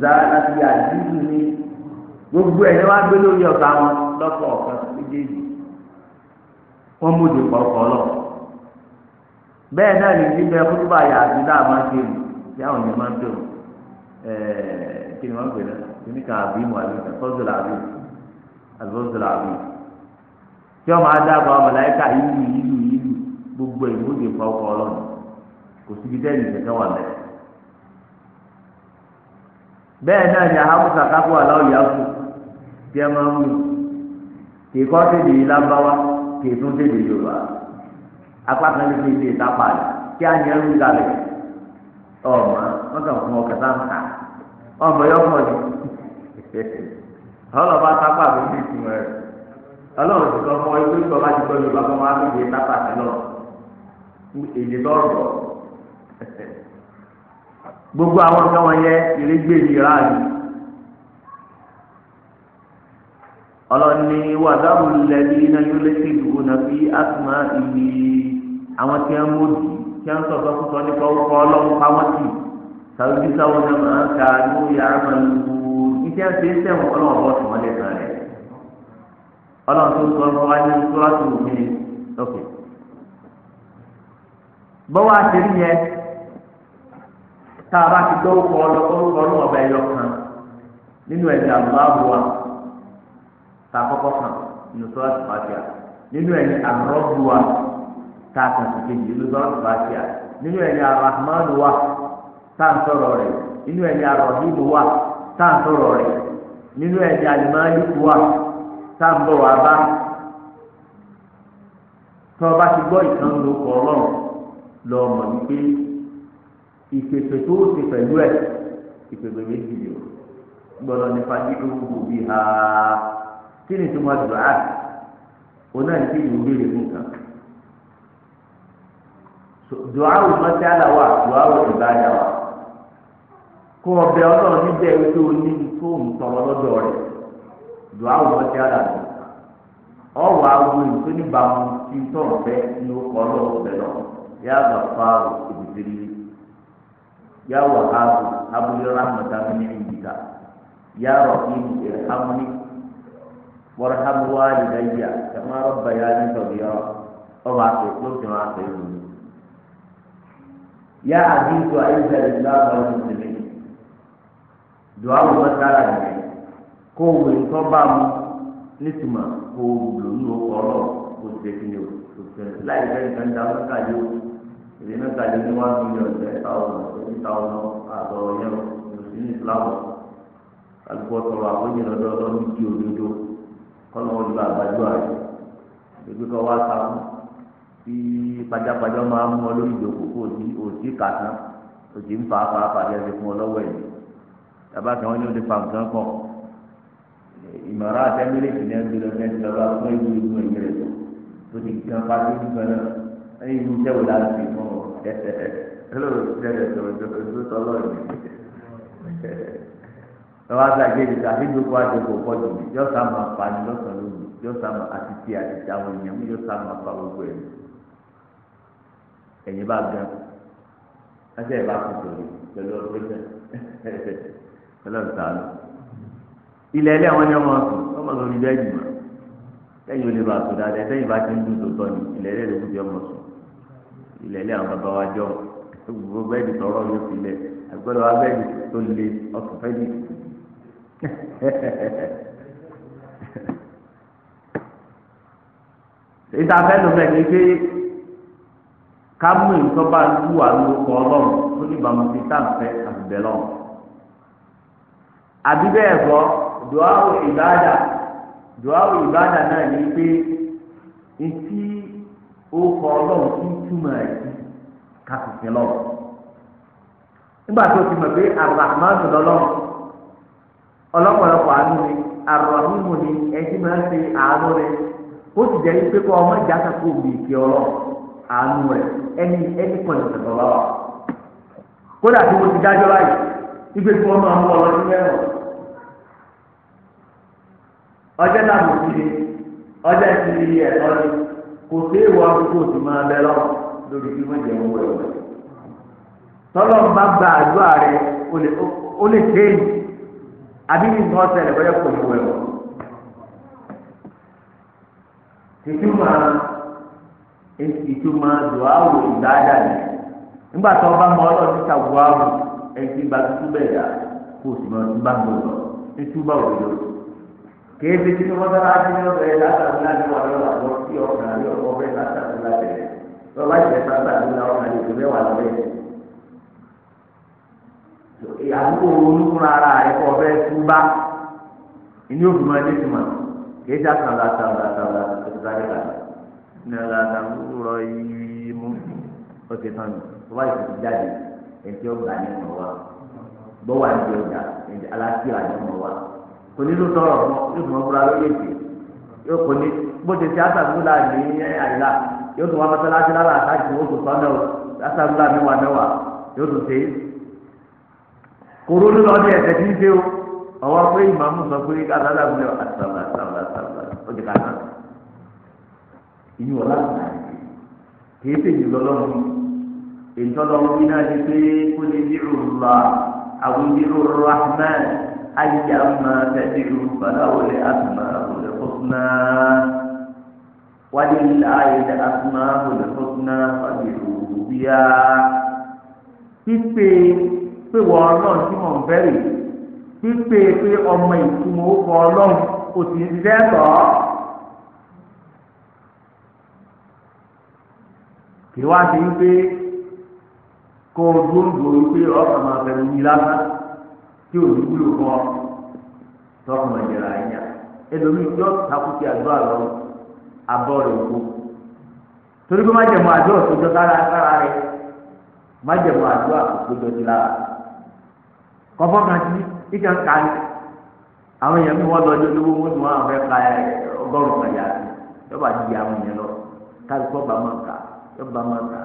láti bí àdìsù gbogbo ní wọn gbé lórí ọkà wọn méjèèjì wọn lọ bẹ́ẹ̀ náà lè ní bẹ́ẹ̀ tí àwọn èèyàn máa ń tó kí ni wọ́n pè náà kí ni kàbí mu àbí fọ́sù làbí àfọ́sù làbí tí wọ́n máa dábọ̀ àwọn mọ̀láyíkà ìlú ìlú ìlú gbogbo ẹ̀ ló ọlọ́run kò síbi tẹ́lẹ̀ ìfẹ́kẹ́ wà lẹ́yìn. bẹ́ẹ̀ náà ni kápò tí ẹ máa ń wù kì í kọ́ tèdè yìí lábáwá kì í tún tèdè yorùbá apá ọmọ wọn kàn fún ọkẹ tá n ta ọmọ yọ ọmọ ọ ikú ìgbọba ti gbọ́ Yorùbá fún wa lóde sábà sílọ èdè lọrọ gbogbo àwọn nǹkan wọn yẹ ìrégbè ìlera yìí ọlọ́ni wàdáwù lẹ́ni yóò lé sí náà fi àwọn tí kí wọn sọsọ kúsọ nípa orúkọ Ọlọ́run pamọ́ ka ní tó sọ fún wa ní tá a bá ti gbọ́ orúkọ orúkọ Ọlọ́run ọba kan nínú ẹ̀jẹ̀ àbúrò tá a kọ́kọ́ nínú nínú tá a kàn sí kejì ìlú sọ́ọ̀tù bá ṣe à nínú ẹ̀yà rahman wa tá à ń sọ̀rọ̀ rẹ̀ nínú ẹ̀yà rahim wa tá à ń sọ̀rọ̀ rẹ̀ nínú ẹ̀yà alimalik wa tá à ń bọ̀ wá bá tọ́ ti gbọ́ ìtàn ló kọ́ ọlọ́run lọ mọ̀ wípé ìpèsè tó ṣe pẹ̀lú ẹ̀ ìpèsè méjì yìí o gbọ́dọ̀ nípa dídú gbogbo bíi ha kí ni tí wọ́n dùn á òun náà ní kí ìlú béèrè fún kan dùáwù mọ́tálà wà dùáwù ìbádà wà kó ọbẹ̀ ọlọ́run níbẹ̀ wípé o ní fóònù tọrọ lọ́dọ̀ rẹ̀ dùáwù mọ́tálà lọ ọwọ́ awo ìpè níbàámu tí tọrọ bẹ́ ní o kọ́ lọ́wọ́ bẹ̀ lọ yá bà fáwọ̀ ìbùsírí yá wà áàbò abúlé rámọ̀tà mi ní ìdìgà yá rọ̀ ìlú ìrìhámúní wọ́n rámúwá ìdáyà kàmá rọ̀ bàyá ní tọ̀bíyà ọba àti ìpínlẹ̀ àti ìlú يا عزيز وعز الإسلام والمسلمين دعاء مسألة كو من طبعا نسمع كو بلونو قرار كو سيكنيو láì fẹ́ nǹkan dá wọn kájú èdè náà kájú ní one million ten thousand twenty thousand àtọ̀rọ̀ yẹn o sí ní islam alùpùpù ọ̀tọ̀rọ̀ àbójú lọ́dọọdọ́ ní kí òdodo kọ́nà wọn gba àgbájú ààrẹ tí pajápajá máa ń mọ lórí ìdòkò kó o ti o ti kà tán o ti ń fa afáfá bí ẹsẹ̀ fún ọ lọ́wọ́ yìí yàrá kan wọn ní o ti fa nǹkan pọ̀ ìmọ̀ràn àtẹ́mílẹ̀tì ní ẹgbẹ́ lọ́sẹ̀ ti lọ́ba fún ewu inú ẹ̀yìn rẹ̀ tó ti gan pàṣẹ nígbà náà ẹ̀yìn inú tẹ́wò láti mọ̀ ẹ̀ẹ́dẹ̀ lọ́wọ́ àgbàgbé ìta àdéjòkó àdéjòkó pọ̀jù yóò sá máa fa ni lọ́sàn-án lónìí yóò sá máa àti tí àti tí àwọn èèyàn yóò sá máa fa gbogbo ẹ̀ ẹ̀yìn bá gan ẹsẹ̀ ẹ̀ bá kú sórí pẹ̀lú ọ̀pẹ̀sẹ̀ ọlọ́run sàánú. ilẹ̀ ilé àwọn ọmọ sùn ọmọ lórí bẹ́ẹ̀dì mọ́ lẹ́yìn olè bá sùn dáadáa lẹ́yìn bá ti ń dùn tó tọ́ ni ilẹ̀ ilé lókùn jẹ́ ọmọ sùn ilẹ̀ ilé àwọn bàbá wa jọ gbogbo bẹ́ẹ̀dì tọrọ yóò fi lẹ̀ àgbọ̀dọ̀ wa bẹ́ẹ̀dì tó le ọ̀sùn fẹ́ẹ̀dì ìta fẹ́ lómi kámú ìtọ́ba lù wà lórúkọ ọlọ́run ó ní bàmú fi táǹfẹ́ àbẹ̀bẹ̀ àbí bẹ́ẹ̀ bọ́ ìbáàdà ìbáàdà náà ní pé etí ọlọ́run tí túmọ̀ nígbà tó ti mọ̀ pé àràmánù lọ́lọ́run ọlọ́pọ̀lọpọ̀ àánú ni àràmímù ni ẹtí máa ń ṣe àánú rẹ̀ ó sì jẹ́ pé ọmọ ìjà ẹni ẹni na tẹ̀tọ̀ bá wa kódà tí mo ti dájọ́ báyìí ibi tí wọ́n máa ń wọ ọ lọ́dún mẹ́rọ̀ ọjọ́ náà mo ti di ọjọ́ ti di ẹ̀tọ́ ni kò sí ìwọ máa bẹ lọ lórí wọ́n jẹ tọ́lọ́ bá gba ó lè àbí nǹkan ọ̀sẹ̀ rẹ̀ bọ́yọ̀ ìtumọ̀ dùáwò ìdáadà ni nígbà tó bá mọ ọlọ́run níta wàhù ẹtì gba tuntun bẹ́ẹ̀ dà kó o sì mọ ọtún bá ń bọ̀ lọ ètò bá wò lọ. kéde tí wọ́n bá rájú ní ọ̀bẹ látàrí láti wà lọ́wọ́ àwọn tí ọkàn àlẹ́ ọkọ bẹ́ẹ̀ látàrí láti rẹ̀ lọ́wọ́ ìṣẹ̀ sábà ní ọkàn àlẹ́ ìṣẹ̀ mẹ́wàá lọ́wọ́ ẹ̀. àbúkò olúkún ara rẹ̀ kọ́ ọbẹ̀ túbá ní òbí máa dé tuma kéde àtàlà àtàlà àtàlà àtàlà nàlá làwùrọ̀ yìí mú ó ti tán nù tó bá yìí ti jáde ètò ọgbà ní ọmọ wa gbọ́wà ní ọjà ètò aláṣíà ní ọmọ wa kò ní ló tọrọ fún yóò fún ọkùnrin alóyèdè yóò kò ní bó ti ti àtàkùnlá ní àyílá yóò tún wá mọ́tàláṣí lára àtàkùn ó tún sọ́nà àtàkùnlá mẹ́wàá mẹ́wàá yóò tún ṣe é kòró ló lọ́dẹ tí ń ṣe o ọwọ́ pé ìmàmù sọ pé kí aláàbò lè wà àtàkùnlá àtàkùnlá ó ti kà náà ìyẹn wọ́n láti nà ẹ̀ kì í ṣèjì lọ́lọ́run ìtọ́lọ́run bí náà ti pé kó lè ní ìrùlá àwọn ìdí ìrùlá náà ayé àmà tẹ̀sí ìrùlá láwọn ilé àtùmá òlẹ̀ fọ́túnà wáyé ilé ayé àtùmá òlẹ̀ fọ́túnà wáyé ìrùlá bíyà pípé pé wọ́n ọlọ́run tí mò ń bẹ̀rẹ̀ pípé pé ọmọ ìtumọ̀ ó kọ ọlọ́run kò sì ń ṣiṣẹ́ ìwádìí wípé kó o dúró dúró wípé ọkàn máa fẹ́ wí lásán tí ò ní wúlò fún ọ tọkùn ọ̀jẹ̀rà ẹlòmíì yọ takuti àdúrà lọ abọ́ rẹ̀ kú torí pé májèmọ̀ àdúrà tó jọ kára kára rẹ̀ àdúrà tó jọ lára kọ́fọ́ kan ń àwọn èèyàn mi wọ́n lọ lówó wọ́n ti wọ́n àwọn ọgọ́rùn-ún yọba di yọba máa ta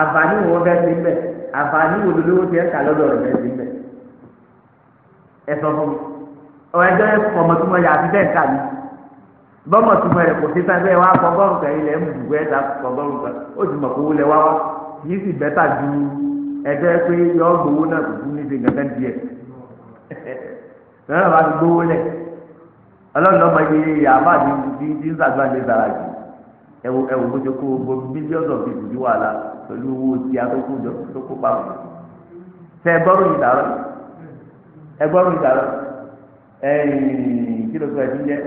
àǹfààní wo bẹ́ẹ̀ ti bẹ́ẹ̀ àǹfààní wo lolówó ti ẹ̀ kà lọ́dọ̀ rẹ̀ bẹ́ẹ̀ ti bẹ́ẹ̀ ẹ sọ fún mi ọ̀rọ̀ ẹjọ́ yẹn kọ̀ ọmọ túmọ̀ yà á fi bẹ́ẹ̀ kà mí bọ́mọ̀ túmọ̀ rẹ̀ kò sí sábẹ́ wa kọ́gọ́rùn kan ilẹ̀ ń bùgbẹ́ ta kọ́gọ́rùn kan ó sì mọ̀ kó wúlẹ̀ wá wá yìí sì bẹ́tà ju ẹjọ́ yẹn pé yọ gbowó náà kò tún ní ṣe gàdán díẹ̀ lọ́nà bá ti gbowó lẹ̀ ọlọ́run lọ́mọ iye yàrá bá ti ń sàgbà ní sàrà jù ẹwù ẹwù bójú kó gbogbo bílíọ̀nù ọ̀fi ìdí wàhálà pẹ̀lú owó tí a tó kó jọ tó kó pa wọn. ṣe ẹgbọ́rún yìí dàrọ́ ẹgbọ́rún yìí dàrọ́ ẹ̀yìn kí ló sọ ẹbí jẹ́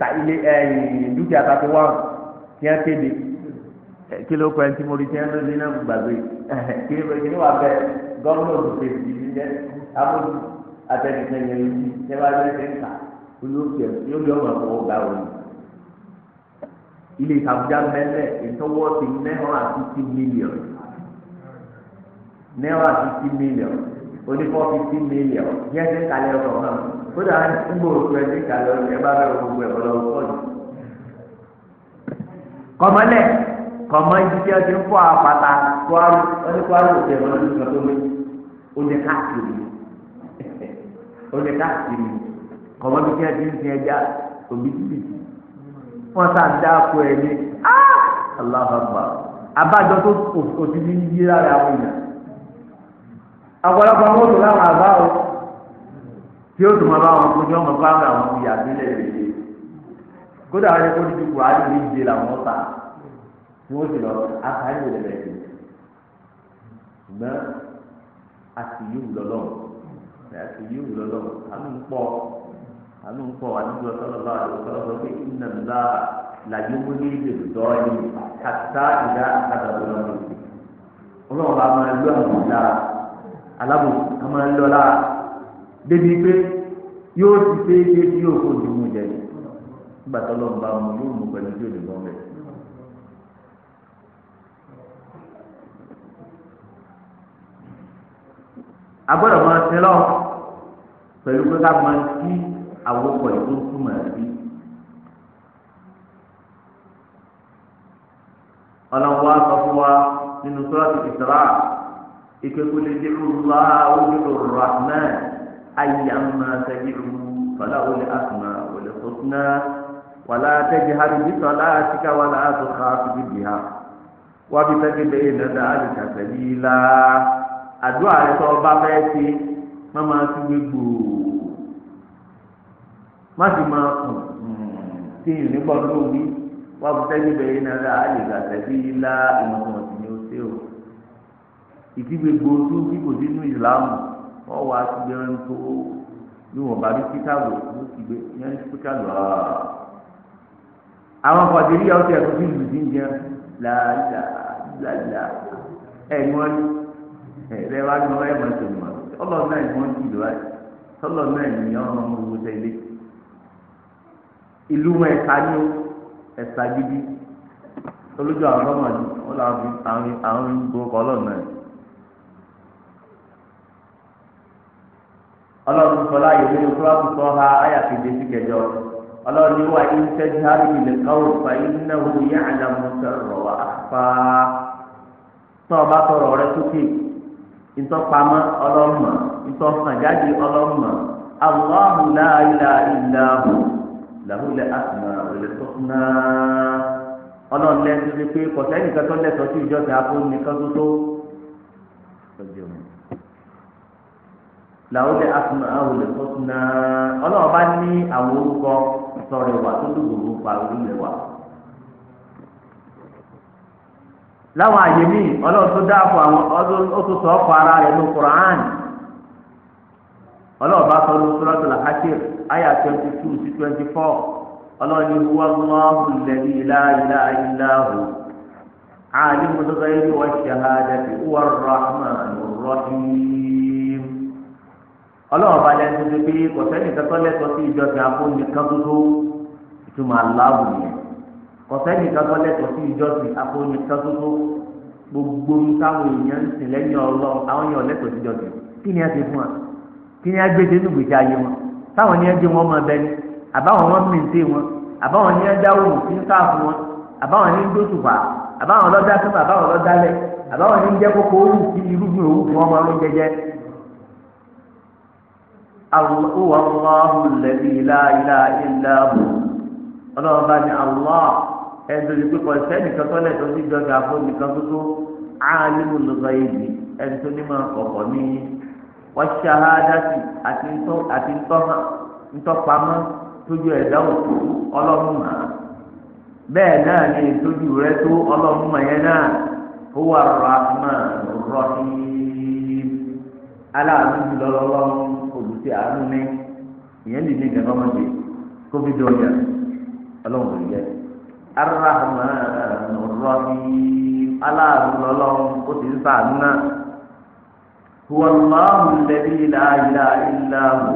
ta ilé ẹ̀yìn dúkìá ta fi wáhùn tí a kéde kí ló kọ ẹni tí mo rí tí a lóde náà gbàgbé kí ni wàá bẹ gọ́ọ̀mù òṣìṣẹ́ ìdílé jẹ́ amóhùn àtẹnìkẹ́yẹ yìí ṣẹ́ wá lé ń kà. olóògbé yóò bí ọmọ ẹ̀kọ́ ọgbà wọn ilé ìtàkùjá mẹ́lẹ̀ ìtọ́wọ́ ti náírà fifty million náírà fifty million onífọ́ fifty million yẹ́ ti kalẹ̀ ọ̀rọ̀ náà kódà ńgbò oṣù ẹ̀ ti kalẹ̀ ọ̀rọ̀ ẹ̀ ya bẹ̀rẹ̀ gbogbo ẹ̀ lọ́wọ́ kọ́ọ̀dù. kọ́mọ́lẹ̀ kọ́mọ́ ibi tí a ti ń fọ́ àpáta ọdún òkè tó káàkiri káàkiri. kọ̀mọ́ bí kíá ti ń sin ẹja òbítíbitì wọ́n sá ń dáko ẹ̀ ní aláhàgbà abájọ tó òtí ní yí lára àwọn èèyàn ọ̀pọ̀lọpọ̀ mọ́tò láwọn àbá o tí ó dùn bá wọn kojú ọmọ bá wọn àwọn ìyá sílẹ̀ rèé kódà wọn yẹ kó dídí kù áyù ní ìdílé làwọn ta tí wọ́n sì lọ àkàyè rẹ̀ rẹ̀ sí ṣùgbọ́n àtìyí wù lọ́lọ́run àtìyí wù lọ́lọ́run àmì ń pọ̀ àánú ń pọ̀ àdúgbò sọ́lọ́lá àdúgbò sọ́lọ́ pé iná ńlá làyé owó ní ìdè dọ́ọ̀lì kàtà ìdá àtàdàdọ́ lọ́wọ́ ọlọ́run bá máa lọ àwọn ìlà alábòsí a máa lọ lára débi pé yóò ti ṣe é ṣe tí yóò kó ju jẹ nígbà tó bá mu yóò mú pẹ̀lú tí yóò lè gbọ́n bẹ̀ awokọ̀ yìí tó túmọ̀ sí. ọlọ́wọ́ sọ fún wa nínú sọ́ọ̀tì ìsirà ìkékun lè dé lùlá ojú rahman ayé àmà sẹ́yìn fàlà olè àtúmọ̀ olè fọ́túnà wàlá tẹ́jì hàbí bísọ̀ láàtìkà wàlá àtúkà fìdí bìhà wàbí tẹ́jì bẹ́ẹ̀ nàdà àlùkà sẹ́yìn la àdúrà rẹ̀ sọ ọba ti mọ́mọ́ sí gbégbòó má sì máa kù hmm, tí ìrìn bọ́ ló wí wá bu tẹ́lẹ̀ bẹ̀rẹ̀ náírà á lè gbà tẹ́sí ilá ìmọ̀tìmọ̀tì ni ó ṣe o ìdí gbogbo tó bí kò sínú ìsìlámù wọ́n wá sí gbẹrun tó bí wọ́n bá rí pítàlù ló ti gbé yẹn ní pítàlù ọ̀ọ́ àwọn kọ̀dìrí ọ̀sẹ̀ ẹ̀kọ́ sí ìlú ti ń jẹun làálàá ẹ̀ ní wọ́n ẹ̀rẹ́ wá ní wọ́n ẹ̀ mọ̀ ṣe mọ̀ ọlọ́ọ̀ náà ni ìlú wọn ẹ̀ka ní o ẹ̀ka gidi olójú àwọn ọmọ ni wọn làwọn fi àwọn àwọn ìgbòkọ ọlọ́run náà ọlọ́run sọlá yìí nínú kúrọ́ọ̀tù sọ ha ayàkéde sí kẹjọ wà ní fà yẹ fà ọba rẹ sókè làwọn ilẹ̀ asùnà òlẹ̀ tó ná ọlọ́run ní pé kọ̀sẹ́ nìkan tó lẹ́tọ̀ sí ìjọsìn afọ́n nìkan tó tó làwọn ilẹ̀ asùnà òlẹ̀ tó ná ọlọ́run bá ní àwọn orúkọ sọ̀rọ̀ ìwà tó pa orílẹ̀ wa. láwọn àyè ọlọ́run tó dáàbò àwọn ọdún ó tó sọ ọ́ ara rẹ̀ ní ọlọ́ọ̀bá sọ ní sọ́lọ́tò làkàṣìr àyà twenty two sí twenty four ọlọ́ọ̀ni wàlláhu lẹ́ni ìlàhìlà ìlàhù àlìmú lọ́gàyẹ́rì wà ṣàhádàtì wà rahman rahim. ọlọ́ọ̀bá lẹ́nu tó pé kò sẹ́ni kẹ́kọ́ lẹ́tọ́ sí ìjọsìn àfọ̀nì kankoso ìtumọ̀ aláwù yẹn kò sẹ́ni kẹ́kọ́ lẹ́tọ́ sí ìjọsìn àfọ̀nì kankoso gbogbo táwọn èèyàn ń sìn lẹ́yìn ọlọ́ọ̀ àwọn èèyàn lẹ́tọ̀ọ́ sí kí ni a ti fún wa kí ni agbèsè nù gbèsè ayé wọn táwọn ní ẹjẹ wọn máa bẹ ni àbáwọn wọn mìíntè wọn àbáwọn ní ẹjẹ àwọn òmùsí ń káàfù wọn àbáwọn ní dóṣùpá àbáwọn lọ́dá sọ́mà àbáwọn lọ́dá lẹ̀ àbáwọn ní jẹ́ kókó owó sí irúgbìn owó fún ọmọ ọlọ́ jẹjẹ. àwọn ọlọ́hùn lẹ́bi ilá ilá bò ọlọ́run bá ní àlọ́ ẹ̀dùn ìpínkọ̀ ìfẹ́ nìkan tó ti jọjà fún nìkan tó tó wàṣàhádàtì àti ntọ́ àti ntọ́hán ntọ́pamọ́ tójú ẹ̀dá òkú ọlọ́run mà bẹ́ẹ̀ náà ni ìtọ́jú rẹ tó ọlọ́run mà yẹn náà ó wà rahman rahim aláàánú jùlọ lọ́lọ́run olùsí àánú ní ìyẹn lè ní ìgbàgbọ́ ọmọdé covid ọjà ọlọ́run kò yẹ arahman rahim aláàánú lọ́lọ́run ó ti ń sàánú náà. هو الله الذي لا إله إلا هو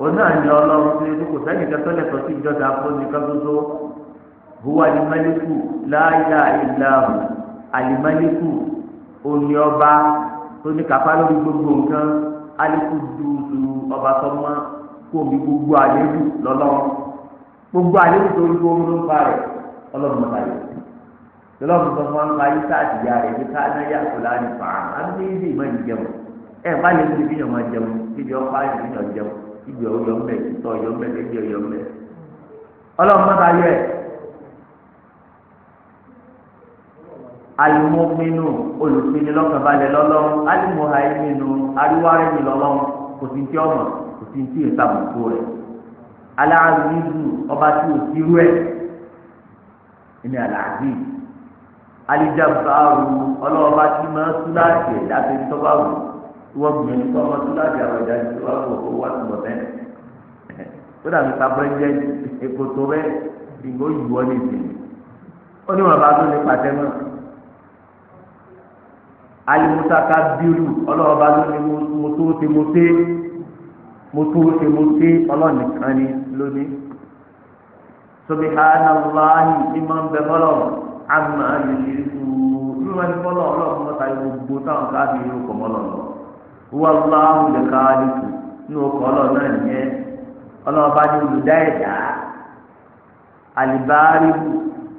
onáàni ọlọ́run tó yẹ kó sẹ́yìn kẹtọ́ lẹ́tọ́ sí ìjọba afọ́nìkan tuntun huwa alimẹ́líkù la ilaha illa hu alimẹ́líkù òní ọba tó ní kápá lórí gbogbo nǹkan alikú dùdù ọba sọmọ kó omi gbogbo àlébù lọ́lọ́run gbogbo àlébù tó ń gbóhùn ló ń parẹ́ ọlọ́run mọ̀tàlẹ́ tọ́lọ́mù tó fọ́n pa yíká àtìyá rẹ̀ bí ká náyà kúlá ní fàá àbí ní ìmọ̀ ìjẹun ẹ̀ bá lè fi bíyàn máa jẹun bíbi ọ̀pá ìbíyàn jẹun bíbi ọ̀yọ́ mbẹ̀ títọ̀ ọ̀yọ́ mbẹ̀ bíbi ọ̀yọ́ mbẹ̀ ọlọ́mù mọ́ta yọ ẹ̀ alimọ́mínú olùpinnu lọ́kànbalẹ̀ lọ́lọ́run alimọ́hàmínú ariwárẹ́mi lọ́lọ́run kò sí ti ọmọ kò sí ti ìsàmùkú rẹ̀ aláàzízù ọba tí ò sí rú ẹni aláàzízù alijabaru ọlọ́ọ̀bá tí máa túláàjì ẹ̀dá tó ń tọ́ba wò wọ́n gbìyànjú tó ọmọ túláàjì àwọn ẹ̀dá tó wà wò ó wà tó bọ̀ bẹ́ẹ̀. ó dàbí sábẹ́ńjẹ́ èkótó bẹ́ẹ̀ ìgbó yìíwọ́ ní ìsìn. ó ní wọn bá tó lè pàtẹ́ náà. alimusaka bírù ọlọ́ọ̀bá ló ní mọ́tò ṣe mọ́tẹ́ mọ́tò ṣe mọ́tẹ́ ọlọ́ọ̀nìkan ni lónìí. subhanallahi ìmọ̀ ń bẹ fọlọ́ọ̀ àmà yìí kú bí wọn ti fọlọ ọlọ́run mọta gbogbo táwọn káàbì yóò kọ mọ lọlọ wọn lọ àwọn ìjọka nìkú ní ọkọ ọlọ́run náà nìyẹn ọlọ́run bá ní olùdá ẹ̀dá àlìbáárì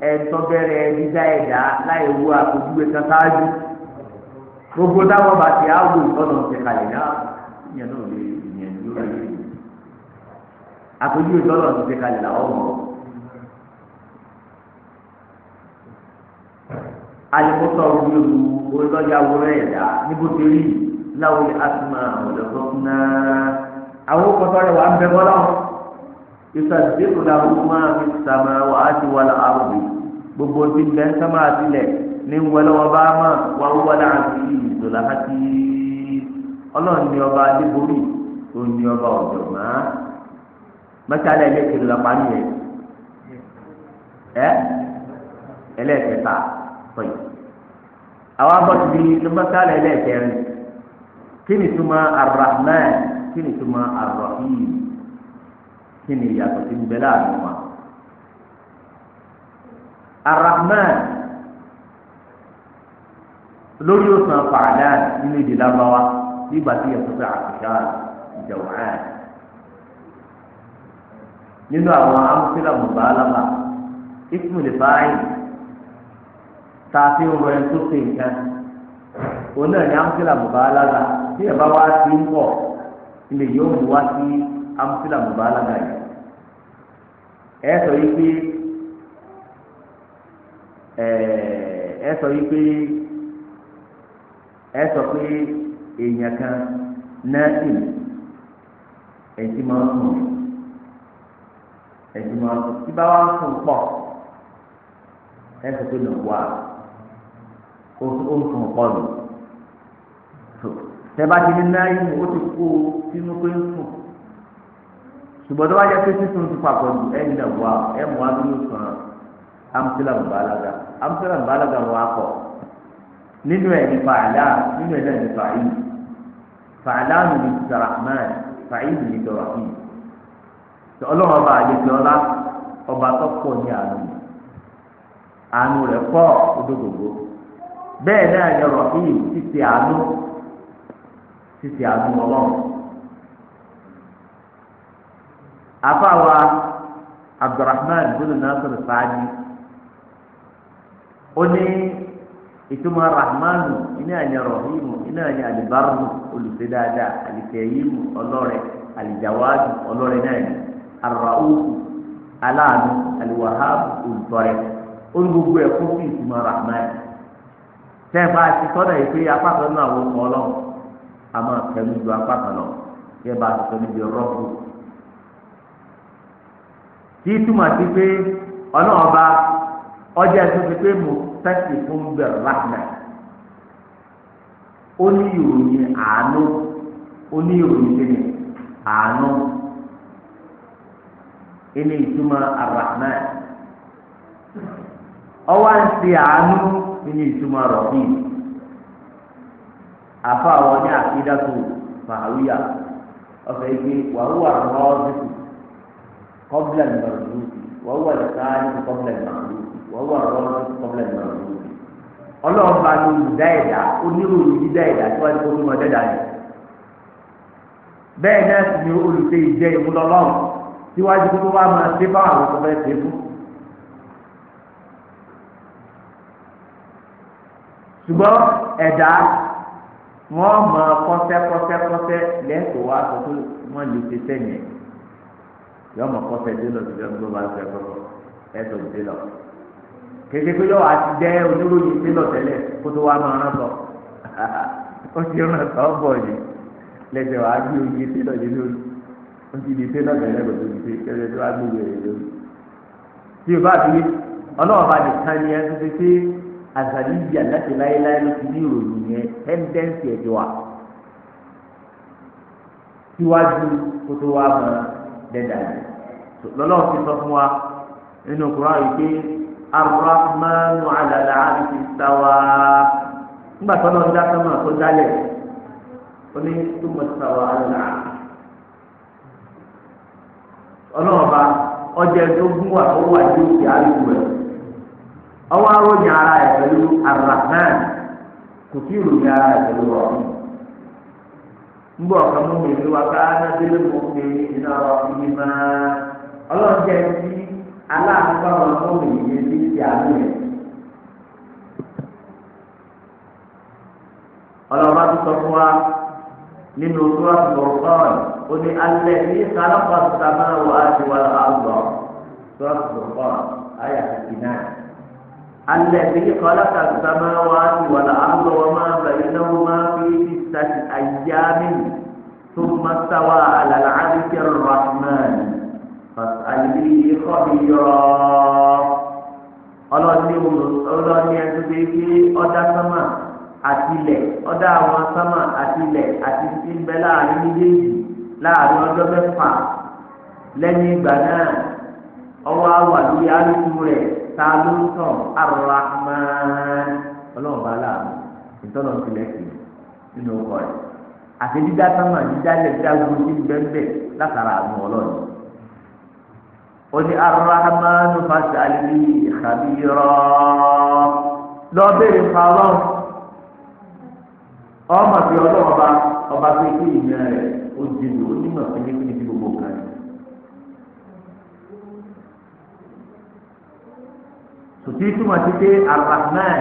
ẹtọ bẹ̀rẹ̀ dídá ẹ̀dá láì wú àpòjúwe kan sáájú gbogbo táwọn bàtì áwò ìtọ́nà ti kalẹ̀ náà ìyẹn náà lè ìyẹn lórí àpòjúwe tọ́nà ti kalẹ̀ làwọn mọ̀ ọ́. alikótó wúlò olóyà wúlò ẹ̀dá níbo tó rí láwùjọ àwọn rẹ wà ń bẹ bọ́lá wọn ìsàdékò ti gbogbo ti bẹ ń sàmà sílẹ̀ ní wọlọ́wọ́ bá má wà ó wọlé àti ìdòlà àti ọlọ́run ní ọba tó ní ọba ọ̀dọ̀ mẹ́tàlẹ́ lọ́pàá tọyì àwa bọ ti di lọmọsálẹ lẹẹkẹrin kí ni túmọ̀ arahman kí ni túmọ̀ arahim kí ni ìyàtọ̀ ti ń bẹ láàrin wa arahman lórí òsàn fàdá nínú ìdí lábáwá nígbà tí yẹn tó fẹ́ àkùṣà ìjọba nínú àwọn amúsílẹ̀ mùbálàmà ismu lè báyìí tààfin rọ ẹni tó ṣe nǹkan òun náà ni, amúsílà mùbálágà tí ẹ bá wá sí ń pọ̀ ilé yóò mú wá sí amúsílà mùbálágà yìí ẹ sọ yìí pé ẹ sọ yìí pé ẹ sọ pé èèyàn kan náà ìm ẹtì máa ń sùn ẹtì máa ń sùn tí bá wá ń sùn pọ̀ ẹ sọ pé nà wá ó sùn pọ̀ nù tẹ́bá ti ní náà yìí ó ti kó o sínú pé ń sùn ṣùgbọ́n tó bá jẹ́ pé sísun ti papọ̀ ju ẹ̀ ń dàgbà ẹ̀ mú abúlé sùn amúsílà mùbálágà amúsílà mùbálágà wọn akọ nínú ẹ̀ ní fàálà nínú ẹ̀ náà ní fàáyì fàálà nù ní sàràmán fàáyì nù ní dọ̀rọ̀hìn tí ọlọ́run ọba àlejò ọba tó pọ̀ ní àánú àánú rẹ̀ pọ̀ ó dógógó bẹ́ẹ̀ náà ni ọ̀rọ̀ yìí títí àánú títí àánú ọlọ́run. afáwa abdulrahman bin nasir saadi ó ní ìtumọ̀ rahmanu iná ni rahimu iná ni alibarnu olùsè dáadáa alikẹyìmù ọlọ́rẹ alijawaadu ọlọ́rẹ náà ni araufu aláàánú aliwahabu olùtọrẹ ó ní gbogbo ẹ̀ fún fún ìtumọ̀ rahman. tẹ́ bá ti tọ́nà yìí pé apá náà wọ́n kọ́ lọ́wọ́ a máa kẹ́nu ju apá ti tọ́nà ju ọba ọ tó fi pé mo tẹ́sí fún bẹ̀rẹ̀ láàmì ó ní ìròyìn àánú ó ní ìròyìn kíni àánú ilé ìtumọ̀ arahman ọwọ́ ń nínú ìtumọ̀ rọ̀bì àfa wọn ní àkídàtò màáwíyà ọ̀fẹ́ ike wàhùwà rọ́ọ̀dìkù kọ́bílà ìmọ̀lúù wàhùwà lẹ́kàáyé kọ́bílà ìmọ̀lúù wàhùwà rọ́ọ̀dìkù kọ́bílà ìmọ̀lúù ọlọ́ọ̀ba ni olùdá ẹ̀dá onírúurú dídá ẹ̀dá tí wọ́n ti kó tó mọ dẹ́dá yìí bẹ́ẹ̀ náà sì ni olùṣe ìjẹ́ ìmúlọ́lọ́run síwájú tó wá máa ṣe fáwọn àwọn tó fẹ́ ṣe fún ṣùgbọ́n ẹ̀dá wọ́n mọ kọ́sẹ́ kọ́sẹ́ kọ́sẹ́ lẹ́ẹ̀kọ́ wa sọ pé wọ́n lè ṣe sẹ́yìn yọ mọ kọ́sẹ́ dé lọ síbi ọgbọ́n bá ṣe kọ́kọ́ ẹ̀sọ̀ dé lọ kéde pé yọ̀wọ̀ àti jẹ́ oníròyìn dé lọ tẹ́lẹ̀ kó tó wá máa rán sọ ó ti rán sọ bọ̀ ni lẹ́sẹ̀ wàá bí oyin dé lọ yìí lórí ti di dé lọ tẹ́lẹ̀ kó tó di dé kẹ́lẹ́ tó wá gbé yẹ̀rẹ̀ lórí tí o bá ti ọlọ́wọ́ azaliya láti láéláé ló ti ní ìròyìn yẹn tẹ́ńdẹ́ǹsì ẹ̀ ti wà síwájú wa tó dẹ́dà yìí lọ́lọ́run ti sọ fún wa nínú kura yìí pé arahmanu alala àti sawa nígbà tó lọ́ọ́ dá sọ́mọ́ tó dálẹ̀ ó ní túmọ̀ sawa alala ọjà tó gún wà tó wà ní rẹ̀. ọwọ́ aróyìn ara rẹ̀ pẹ̀lú arahman kò sí ìròyìn ara rẹ̀ pẹ̀lú ọ̀hún. ngbọ́ ọ̀kan mú mi ní wa ká nábẹ́lẹ́ mú mi iná ọ̀hún yìí máa ọlọ́run ti aláàánú wọn mú mi ti yẹn. ti sọ fún wa nínú ó ní alẹ́ ní sábà wà á ti wà á lọ الذي خلق السماوات والأرض وما بينهما في ستة أيام ثم استوى على العرش الرحمن فاسأل به خبيرا ọlọ́ni ọlọ́ni ẹ̀dúgbẹ́ pé ọ̀dà sánmà àti ilẹ̀ ọ̀dà àwọn sánmà àti ilẹ̀ àti ti ń bẹ láàrin méjèèjì láàrin ọjọ́ mẹ́fà lẹ́yìn ìgbà náà ọwọ́ àwà lórí rẹ̀ ta ló ń tàn arahman ọlọ́run bá láàmú ìtọ́nà tilẹ̀ kì í nínú ọkọ rẹ̀ àti dídá sánmà dídá lẹ̀ dídá gbogbo tí ń bẹ́ẹ̀ látara àánú ọlọ́run ó ní arahman fasali khabira lọ bẹ́ẹ̀ fa ọlọ́run ọmọ fi ọlọ́run ọba ọba tó kí ìyẹn rẹ̀ ó jìnnà ó nímọ̀ fún yín kí ni gbogbo kan yìí. tòtí túmọ̀ sí pé arahman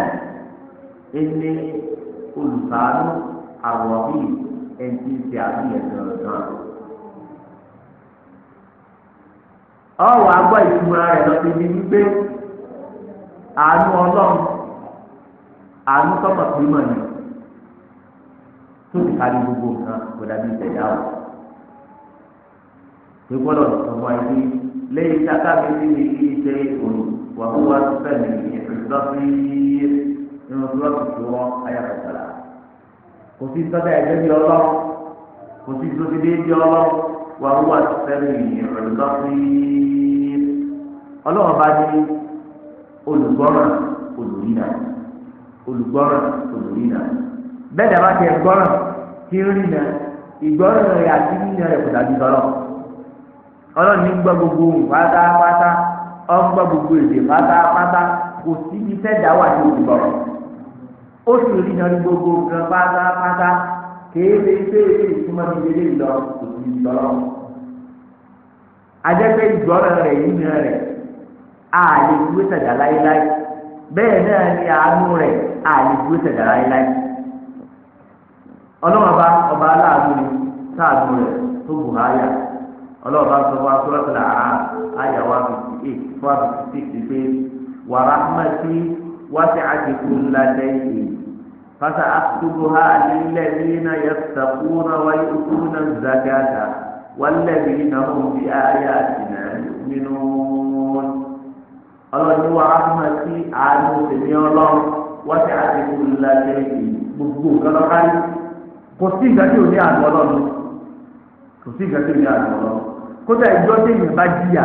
ẹni olùsàánú àwọ̀bí ẹni ti àbí ẹ̀sìn ọ̀sán. ọ̀wọ̀ agbọ́ ìtumọ̀ rẹ̀ lọ sí ibi wípé àánú ọlọ́run àánú tọmọ̀ pé mọ̀ ni tó ti kárí gbogbo nǹkan kò dàbí ìtẹ̀dá o. pé gbọ́dọ̀ ẹni lẹ́yìn sáká mi sí ní ilé iṣẹ́ وهو السميع البصير من سورة الجمعة آية السلام kòsí sọ́dọ̀ ẹ̀jẹ̀ bí ọlọ́ kòsí sọ́dọ̀ ẹ̀jẹ̀ bí ọlọ́ wà wúwà sẹ́yìn ìrọ̀lọ́ sí ọlọ́wọ́n bá ní olùgbọ́ràn olùrìnà olùgbọ́ràn olùrìnà bẹ́ẹ̀ dàbá tẹ gbọ́ràn kí ń rìnà ìgbọ́ràn rẹ̀ àti rìnà rẹ̀ kò dàbí tọ́lọ̀ ọlọ́run ní gbọ́ gbogbo nǹkan pátápátá. ọgbọ́n gbogbo èdè pátápátá kò sí iṣẹ́ dáwà tó ti bọ̀ ó sì rí iná gbogbo nǹkan pátápátá kéde kéde ìtumọ̀ ní ìlọ kò ìtọ́lọ́ ajẹ́pẹ́ ìgbọ́ràn rẹ̀ yìí rẹ̀ ààyè láéláé bẹ́ẹ̀ náà ni àánú rẹ̀ ààyè ìwé sẹ̀dá láéláé ọlọ́wọ́n ọba aláàbò ni sáàbù rẹ̀ tó bù háyà sọ eight four six pé wàràmàtí wàtí àtìkù ladẹ́yìn fasa akutubu ha lílẹ̀ nínà yẹ sàkúnà wáyé kúnà zakata wàlẹ̀ nínà hùn bí ayé àtìnà nínú ọlọ́ni wàràmàtí àánú tèmi ọlọ́run wàtí àtìkù ladẹ́yìn gbogbo kọlọ́kárí kò sí ìgbà tí ò ní àná ọlọ́run kò sí ìgbà tí ò ní àná ọlọ́run kódà ìjọ téèyàn bá jìyà.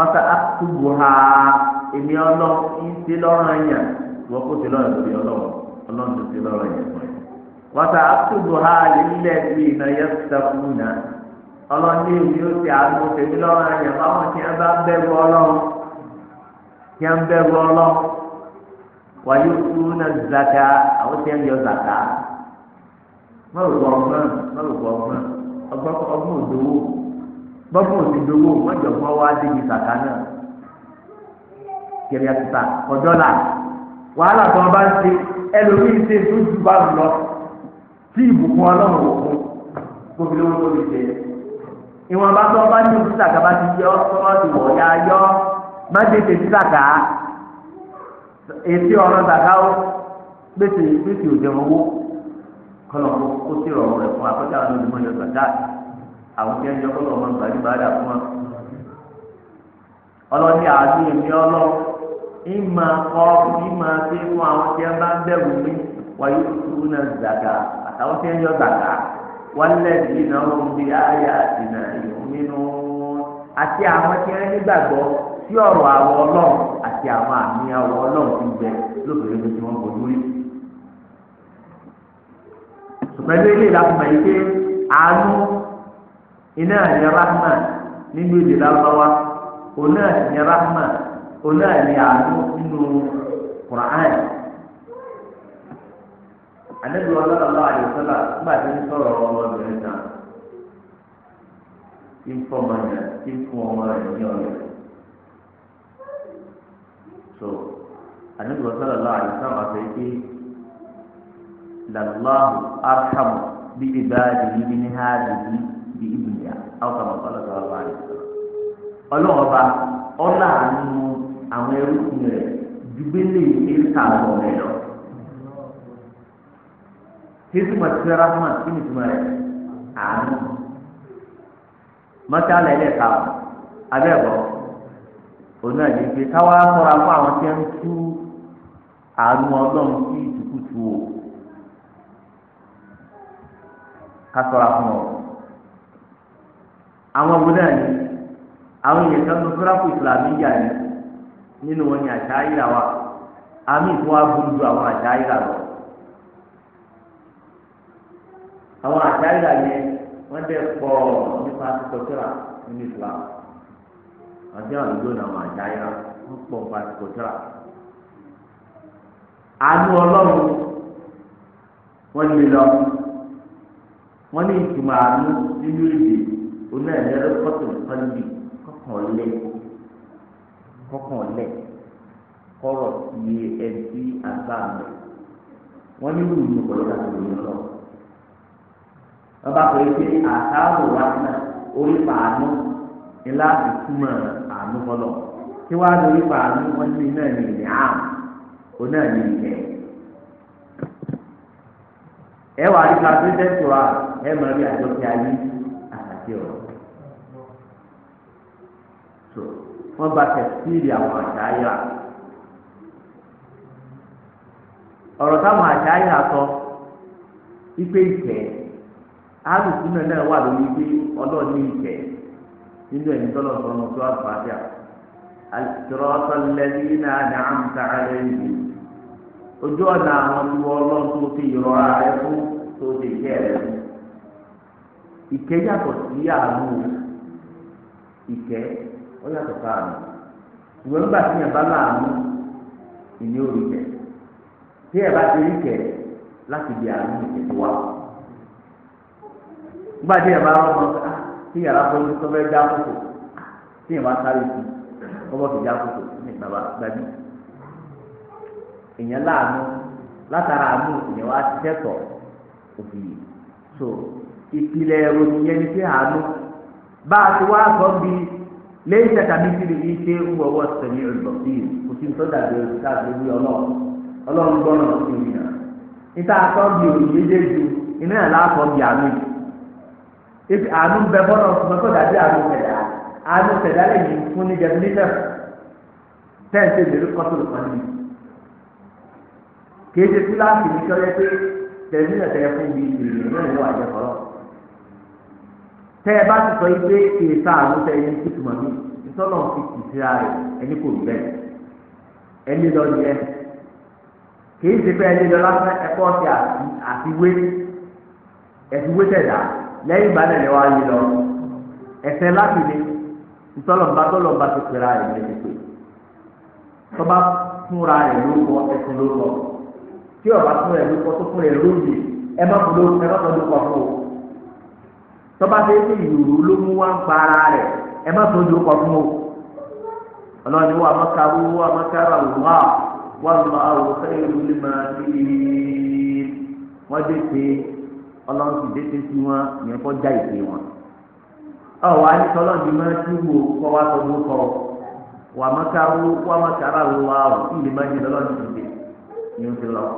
fasa akubu ha emi ọlọ isi lọrọ yẹn wọn kò ṣe lọrọ lórí ọlọ́run ọlọ́run ha lílẹ bí iná ya sẹfún náà ọlọ́run ní èmi ó ṣe àánú tèmi lọrọ yẹn fáwọn tí wọn bá ń bẹ̀rù ọlọ́run bọ́pọ̀ òsì dowó mọ́jọ̀gbọ́n wá débi kàkà náà kiri àtìta ọjọ́ là wàhálà tó wọn bá ń ṣe ẹlòmíì ṣe tó ju bá ń lọ tí ìbùkún ọlọ́run wò fún gbogbo lówó tó lè ṣe ìwọ̀n bá tó wọn bá ní oṣù tàkà bá ti yọ ọ́ ti wọ̀ ya yọ má tètè sí tàkà èsì ọ̀rọ̀ tàkà ó gbèsè gbèsè òjò owó kọlọ̀ kó sí ìrọ̀rùn rẹ̀ fún akọ́jà àwọn olùmọ̀ yọ̀ọ̀gbà dáàbò. àwọn tí ń jọ ọmọ fún wa ọlọ́ni àánú èmi ọlọ́ ìmọ̀ kọ́ ìmọ̀ sí fún àwọn tí ń bá ń bẹ̀rù mi wáyé tuntun náà zàgà àtàwọn tí ń yọ zàgà wọn náà wọn bí ayé àti àwọn tí nígbàgbọ́ ọ̀rọ̀ àti àwọn àmì ti gbẹ lóbìnrin iná ní rahma nínú èdè lárúbáwá ọ̀nà ní rahma ọ̀nà ní àánú nínú Qur'an anabi wa sallallahu alayhi wa sallam nígbà tí ń sọ̀rọ̀ ọmọbìnrin náà kí ń fọmọ rẹ̀ kí ń fún ọmọ rẹ̀ ní ọ̀rẹ́ so anabi wa sallallahu alayhi wa sallam àti ẹ̀kí lallahu arhamu bí ibadihi min hadhihi. bí ìyá àwọn ọmọ ọlọ́dọ̀ ọlọ́wà rẹ̀ ọlọ́ọ̀ba ọlá àánú àwọn ẹrúkùn rẹ̀ dùgbélé ẹ̀ka àwọn ọ̀rẹ́ lọ. Jésù mọ̀ ti rárá fún àti ní àánú. Mọ́tí káwá àwọn ọmọ náà ni àwọn èèyàn kan tó sọ́ra kù ìsìlámíyà ni nínú wọn ni àṣà ayíra wa àmì ìfún wa burú ju àwọn àṣà ayíra lọ. àwọn àṣà ayíra yẹn wọ́n dẹ̀ pọ̀ nípa àtìkọ́tìrà nínú ìsìlám àti àwọn àdúgbò náà àwọn àṣà ayíra wọ́n pọ̀ nípa àtìkọ́tìrà. àánú ọlọ́run wọ́n lè lọ wọ́n ní ìtumọ̀ àánú nínú ìdè oní ẹ̀rọ kọ́tù kọ́ndì kọ́kàn lẹ̀ kọ́kàn lẹ̀ kọ́rọ̀ ti ẹbí àgbà wọ́n ní wùdí ọ̀pọ̀lọpọ̀ àti òní lọ. bàbá pé pé àtàwọn wa náà orí pàánù ńlá ìtumọ̀ àánú fọlọ̀ tí wàá lórí pàánù wọn ní náà ní ìní àmì oní ẹ̀ní ìkẹ́ ẹ wà ní ká pé tẹ́tù wa ẹ mọ̀ bí àjọkẹ́ ayé àtàkì ọ̀rọ̀. tó wọ́n bá tẹ̀síìlì àwọn àṣàyà ọ̀rọ̀ táwọn àṣàyà sọ ipe ìtẹ̀ alùpùpù náà wà lórí ipe ọlọ́ọ̀ni ìtẹ̀ nínú ẹ̀mí tọ́lọ̀ sọ̀rọ̀ tó àfàdà àtìrọ́tọ̀ lẹ́bí náà ní àmì ojú ọ̀nà àwọn tí wọ́n tó ti ìrora rẹ fún tó ti jẹ́ fún. ìkẹ́ yàtọ̀ sí àánú ìkẹ́ ó yàtọ̀ káàánú ìwé ńgbà tí yẹn bá láàánú ìní orí jẹ tí yẹn ti rí jẹ láti di àánú ìjẹ̀dù wa ńgbà tí yẹn rán ọmọ tí ah, yàrá fún mi tó já kókò tí ah, yẹn sáré sí ọmọ tó já ní ìgbà láàánú látara àánú wá tẹ́tọ̀ so ìpìlẹ̀ ẹ̀rọ nìyẹn ni àánú bá a ti wá sọ bíi. lẹ́yìn tẹ̀ka mi ti lè yí ṣe ń wọ ọwọ́ sẹ̀mí ìlọ́sí kò sí tó dàbí káàbí wí ọlọ́run ọlọ́run gbọ́nà sí mi nà níta akọ́ bí òní méjèèjì iná yàrá akọ́ bí àánú yìí àánú bẹ bọ́nà ọ̀sùn tó dàbí àánú tẹ̀dá àánú tẹ̀dá lè yí fún ní jẹ́mílítẹ̀ tẹ́ǹtẹ̀ lè rí kọ́tù kan ní. kì í ṣe kíláàsì ní sọ́yẹ́ pé tẹ ẹ bá ti sọ yìí pé èèta àrùn tẹ ẹni tó tùmọ̀ mí ìsọ́nà fi kì í síra rẹ̀ ẹni kò rí bẹ́ẹ̀ ẹni lọ yẹ kìí ṣe pé ẹni lọ lásán ẹkọ ti àfiwé ẹfiwé tẹ̀dá lẹ́yìn ìgbà náà lẹ́wọ́ ayé lọ ẹsẹ̀ láti ní ìtọ́lọ̀mbá tọ́lọ̀mbá ti pèrà rẹ̀ lẹ́yìn pé tọ́ba fúnra rẹ̀ lórúkọ ẹsẹ̀ lórúkọ tí ọ̀bá fúnra rẹ̀ lórúkọ tó fúnra rẹ̀ lóye ẹ má fún lórúkọ fún o tọ́ba ṣe é sí ìrù ló mú wá ń pa ara rẹ̀ ẹ má sojú kọ fún o ọlọ́ni wa makaru wa makaru àwùwá wa lọ àwùjọ ìlú lè máa ní wọ́n dé pé ọlọ́run sì dé pé sí wọn yẹn kọ́ já ìpè wọn. ọ̀wọ́ anìkọ́lọ́ ni máa ti wo kọ́ wa sọ mú kọ́ wa makaru wa makaru àwùwá ìlú máa ní lọ́lọ́run sì dé ní oṣù lọ́wọ́.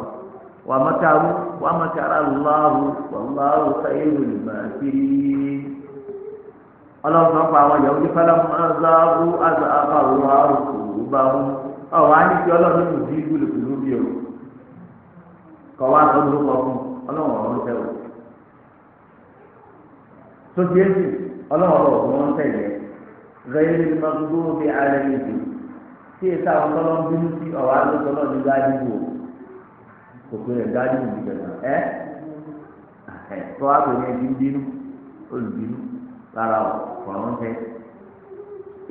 ومكروا ومكر الله والله خير الماكرين ọlọ́run náà pa àwọn yahudi fálámù azáàbù azáàbà wà àrùkù bá wọn ọwọ́ ní kí ọlọ́run nínú bí o kọ́ wá tó ló kọ́ fún ọlọ́run ọ̀rọ̀ tẹ̀ o tó ti èsì ọlọ́run ọ̀rọ̀ ọ̀hún wọn tẹ̀lé rẹ́yìn ní magbó bí ara yìí tí èsì àwọn tọ́lọ́ ń bínú sí o. kòkó rẹ̀ dájú ìdí gbẹ̀gbẹ̀ ẹ́ ẹ̀tọ́ àgbẹ̀yẹ ti ń bínú olùbínú rárá kọ̀ọ̀rọ̀ ń tẹ́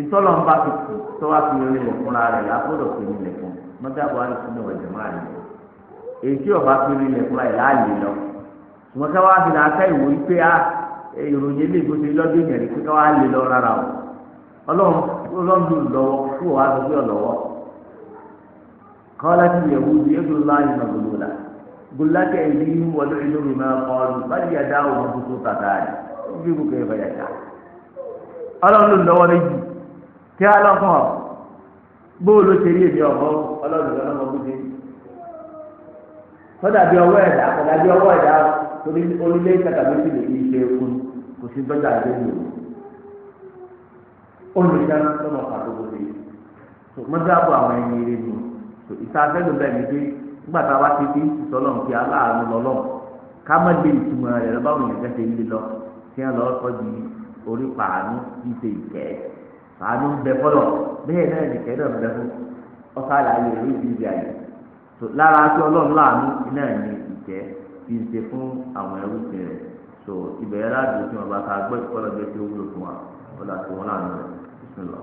ìtọ́lọ̀ ń bá ti kù tó wá fi orí lẹ̀ fúnra rẹ̀ lágbọ́dọ̀ fi lẹ̀ fún fún rẹ̀ èyí tí ọba fi lẹ̀ fúnra rẹ̀ láàyè lọ wá fi ìwò قالت اليهود يد الله مغلولة غلت أيديهم ولعنوا بما قالوا بل يداه مبسوطتان ينفق كيف يشاء Ọlọ́run lọ́wọ́ méjì kí á lọ fún ọ gbóòló ṣe rí èmi ọmọ Ọlọ́run lọ́wọ́ ọmọ gbóde kódà bí ọwọ́ ẹ̀dá kódà bí ọwọ́ ẹ̀dá torí onílé kàkàbẹ́sì lè fi ṣe fún kò sí dọ́jà àgbẹ̀yìn o olùdarí lọ́mọ pàtó ìsàfẹ́lò bẹ́ẹ̀ ni pé nígbà tá a wá ti fi ìsọlọ́n kí aláàánú lọ́lọ́ ká má lè ìtumọ̀ rẹ̀ lọ́ba òyìnbó kẹsẹ̀ ń lè lọ kí wọ́n lọ́ọ́ sọ di orí pàánù ìṣe ìkẹ́ pàánù ń bẹ fọlọ̀ bẹ́ẹ̀ náà nìkẹ́ náà ń bẹ fún ọ̀sálà ayé rí ìdíje ayé lára tí ọlọ́run láàánú iná ní ìkẹ́ kí n ṣe fún àwọn ẹrú ti rẹ̀ so ìbẹ̀rẹ̀ ládùúgbò tí wọn bá ká gbọ́ ìkọlọ́gbẹ́ tí ó wúlò fún wa ó dà wọn láàánú rẹ̀ bísí lọ.